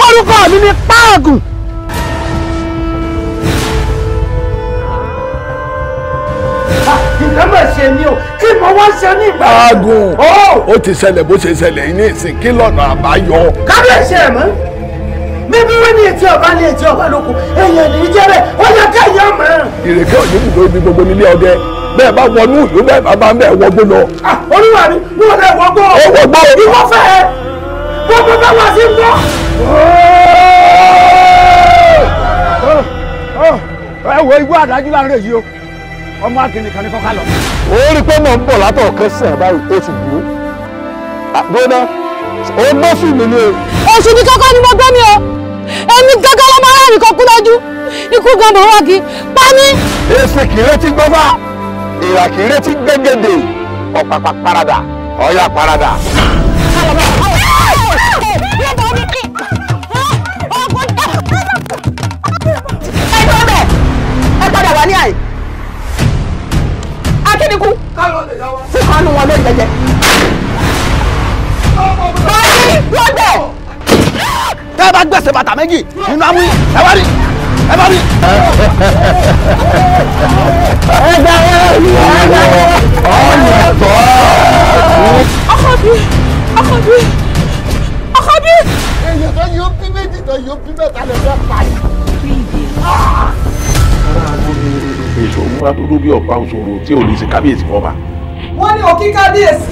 Speaker 2: orúkọ mi ni páàgùn.
Speaker 1: Ah, ìdámọ̀ ṣe ni o kí mo wá ṣe ní ìgbà. páàgùn ó ti ṣẹlẹ̀ bó ṣe ṣẹlẹ̀ yìí ní ìsìn kí lọ́nà àbáyọ. kábíyèsí ẹ̀ mọ́ mímú wọn ní etí ọba ní etí ọba lóko èèyàn ní jẹrẹ ó yẹ ká yọ ọmọ. ìrèké òyìnbó ibi gbogbo nílé ọdẹ bẹ́ẹ̀ bá wọnú ìlú bẹ́ẹ̀ bá bá ń bẹ́ẹ̀ wọgbó lọ. Ah, olúwa ni mo lè wọgbó. ó wọgbó. ìwọ fẹ́ ẹ gbogbo bá wá sí gbọ́. ẹ wo igbó àdájú láàrin èyí o ọmọ akínní kan ní kọ́ká lọ. ó rí pé mò ń bọ̀ látọ̀ kẹsàn-án báyìí ó ti gbó. àgbóná ah, ó gbóṣù mi ni o. oṣù ní kọ́kọ́ ni mo gbé mi o èmi gángan lọ́mọ aráàlú kan kú lójú ikú gan mọ̀ wá kí pa mí. èsì kìrẹ́tì gbọ́ bá ìhà kì í retí gbẹ́gẹ́dẹ́ ọ̀pàpà parada ọ̀yà parada.
Speaker 2: ẹ padà wá ní àyè
Speaker 1: akínikú fúkànù wọn ló jẹjẹ. báyìí lọ́dẹ̀. tẹ́ ẹ bá gbèsè bàtà méjì nínú amúyí ẹ wá rí ẹ bá mi. ẹ
Speaker 4: gbà wọ́n ẹ gbà wọ́n. ọ̀nà tọ́. ọkọ bí ọkọ bí ọkọ bí. èèyàn tó yóò bí méjì tó yóò bí mẹ́ta lè
Speaker 2: fẹ́ pa yìí.
Speaker 1: ìṣòro wa dúdú bí ọ̀pá òṣòro tí ò ní ṣe kábíyèsí fọba.
Speaker 2: wọ́n ní òkí kábíyèsí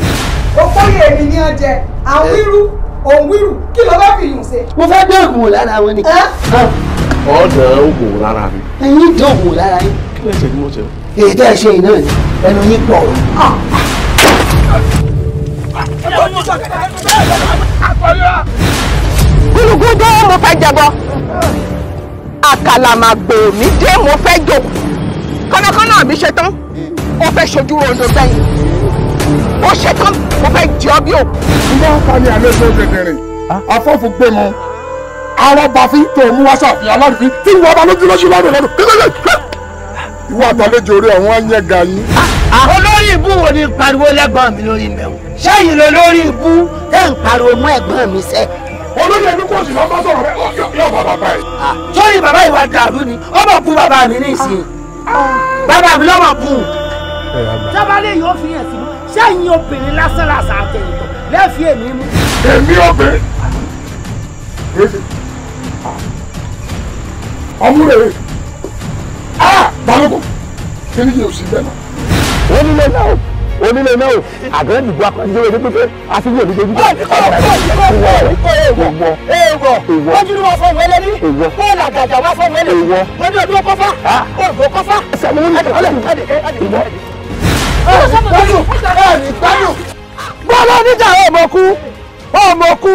Speaker 2: òkóyè èmi ní
Speaker 1: ọjẹ àwírú òwírú kí ló bá fi yùn ṣe. mo fẹ́ gbé òògùn lára wọn ni ọ̀dà ògò rárá mi. ẹ̀yin dán ògò lára yín. kí ló ṣe bí mo ṣe. èyí tẹ́ ẹ ṣe iná ni ẹnu yín pọ̀. gúlùgúdú mo fẹ́ jẹbọ àkàlàmàgbò mi dé mo fẹ́ jò kọ́nàkọ́nà àbí ṣetán ó fẹ́ ṣojú rondo gbẹ̀yìn ó ṣetán mo fẹ́ jẹ́ ọ bí òkú. mo máa àlejò kedere ah. afọ́fù gbé mu arọ́bàfin tó mú wá sàfihàn alárìfín tí ìwọ ọba lójú lójú lọ́dún lọ́dún kékeré ìwọ àtàlejò orí ọ̀hún á yẹ ga yín. Ah, ah, olórí ibú wo ni pariwo lẹ́gbọ̀n mi lórí mẹ́wọ̀n sẹ́yìn lọ lórí ibú tẹ́ ń pariwo mọ́ ẹ̀gbọ́n mi sẹ́. olórí ẹbí kò sì lọ́mọ sọ̀rọ̀ rẹ yọ bàbá bá yìí. Ah, sórí bàbá ìwà dàrú ni ó bọ̀ kú bàbá mi nísìnyí
Speaker 4: bàbá mi lọ́mọ
Speaker 1: kú. sábàlẹ̀ yóò fi hàn sí mi sẹ́yìn obìnrin lásán làṣà àtẹ̀yìntàn lẹ́ẹ̀fì èmi mú ọmúrèrè ah balógun kí ni yóò sì bẹ́ẹ̀ náà. onílé náà o onílé náà o àgbẹ̀rẹ̀ nìbú akọ́njẹ́ wẹ̀ pípé àfihàn òdìdó jíjẹ. ìwọ ìwọ ìwọ ìwọ wọ́n dúró wá fún wọn lẹ́ni bọ́ọ̀lù àgàjà wá fún wọn lẹ́ni wọ́n dúró dúró kọ́fà òògùn kọ́fà. sẹ́mi ń bọ̀ ọ́lẹ̀ ìwọ. Ah, bọ́ọ̀lù oníjà ọmọ kú ọmọ kú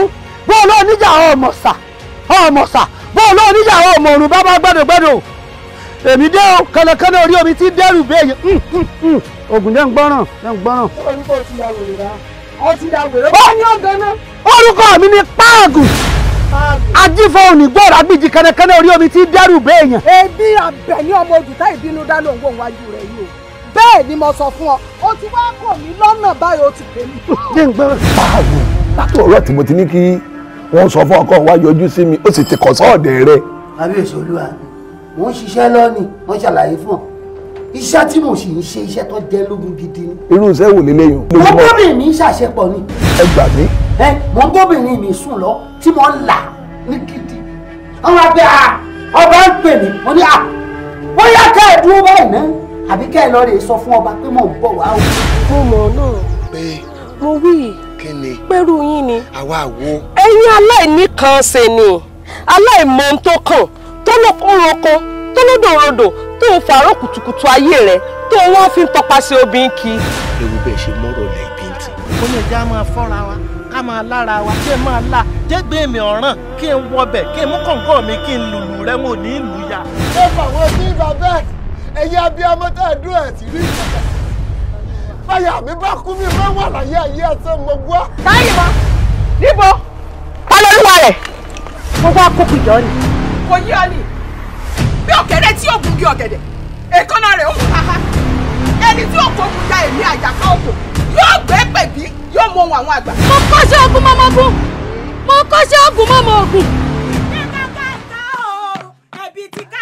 Speaker 1: bọ́ọ̀lù oníjà ọmọ sà ọmọ sà bó o lóò níyàwó òmòrùn bá bá gbẹdògbẹdò èmi dé o kánakánná orí omi ti dẹrù béèyàn hmm, hmm, hmm. ògùn dẹ́ ń gbọ́ràn dẹ́ ń gbọ́ràn.
Speaker 4: orúkọ ti ya wèrè rà ọ ti ya wèrè ó ní ọ̀gá náà.
Speaker 1: orúkọ mi ni páàgù ajífọ́ òní gbọ́ra gbìjì kánakánná orí omi ti dẹrù béèyàn. ebi abẹ ní ọmọ òdùtá ìbínú dá ló ń wò wájú rẹ yìí o bẹ́ẹ̀ ni mo sọ fún ọ o ti wá kọ̀ mí lọ́nà báyìí o ti pè mí wọ́n sọ fún ọkọ wa yọjú sí mi ó sì ti kọ̀ sọ́ọ̀dẹ̀ rẹ. kábíyèsí olúwa mo ń ṣiṣẹ́ lónìí wọ́n ṣàlàyé fún ọ iṣẹ́ tí mo sì ń ṣe iṣẹ́ tó jẹ́ lógún gidi ni. irú iṣẹ́ wò leléyìn. mo bóbìnrin mi ṣàṣepọ̀ ni. ẹ gbà mí. ẹ mo bóbìnrin mi sùn lọ tí mo ń là ní gidi. àwọn abẹ́ a ọba ń pè mí mo ní à wọ́n yá ká ẹ̀ dúró báyìí náà àbí ká ẹ̀ lọ́ọ́ rè sọ fún ọba pé mò ń bọ̀ wá o. mo mọ̀ náà mo wí kí ni. pẹ́rù yín ni. àwa àwo. ẹ̀yin aláìníkànṣe ni aláìmọ̀ tó kàn tó lọ́kọ́rọ́kọ tó lọ́dọ̀rọ̀dọ̀ tó ń fàárọ̀ kùtùkùtù ayé rẹ̀ tó wọ́n fi ń tọpasẹ̀ obìnrin kì ewu bẹ́ẹ̀ ṣe mọ́rọ̀ lẹ̀ ibi ntì. ó lè
Speaker 2: já máa fọ́ra wa
Speaker 1: ká máa lára wa kí máa la jẹ́gbẹ́ mi ọ̀ràn kí n wọbẹ̀ kí n mú kọ̀ǹkọ̀ mi kí n lùlù rẹ mo ní ìlú ya. ẹ
Speaker 4: fàwọn sí bàbá
Speaker 1: ẹ̀yìn abiyamọ́tà àdúrà ti rí ìjọba báyà mi bá kú mi bá wà láyé ayé àti ọmọ gbọ́. táyì mọ níbo ta lolúwa rẹ mo wá kókò jọ ni. kò yí ọ ni bí ọ̀gẹ̀dẹ̀ tí yóò gungi ọ̀gẹ̀dẹ̀ èékánná rẹ̀ ó mú haha ẹni tí yóò kókò ya èmi àjàká òkò yóò gbé pẹ̀bí yóò mọ ohun àwọn àgbà. mo kọ́ṣẹ́ ogun mọ́mọ́gún mo kọ́ṣẹ́ ogun mọ́mọ́ ogun. ẹ bá bá ta o ẹbí ti ká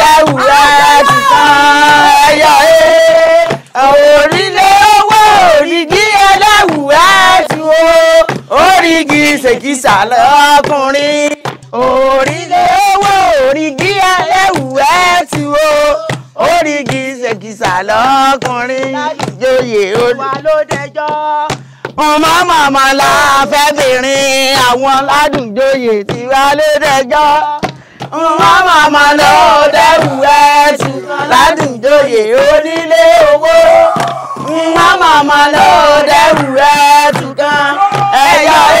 Speaker 2: ṣèkísà lọ́kùnrin òrìlé owó òrìgí ẹ̀wù ẹ̀ ti wo òrìgí ṣèkísà lọ́kùnrin joyè olùdẹjọ́ ọmọ màmá la fẹ́ bìnrin àwọn ládùnjoyè tiwa ló dẹjọ́ ọmọ màmá lọ dẹrù ẹ̀ tù ládùnjoyè onílé owó ọmọ màmá lọ dẹrù ẹ̀ tù kan ẹ̀yọ́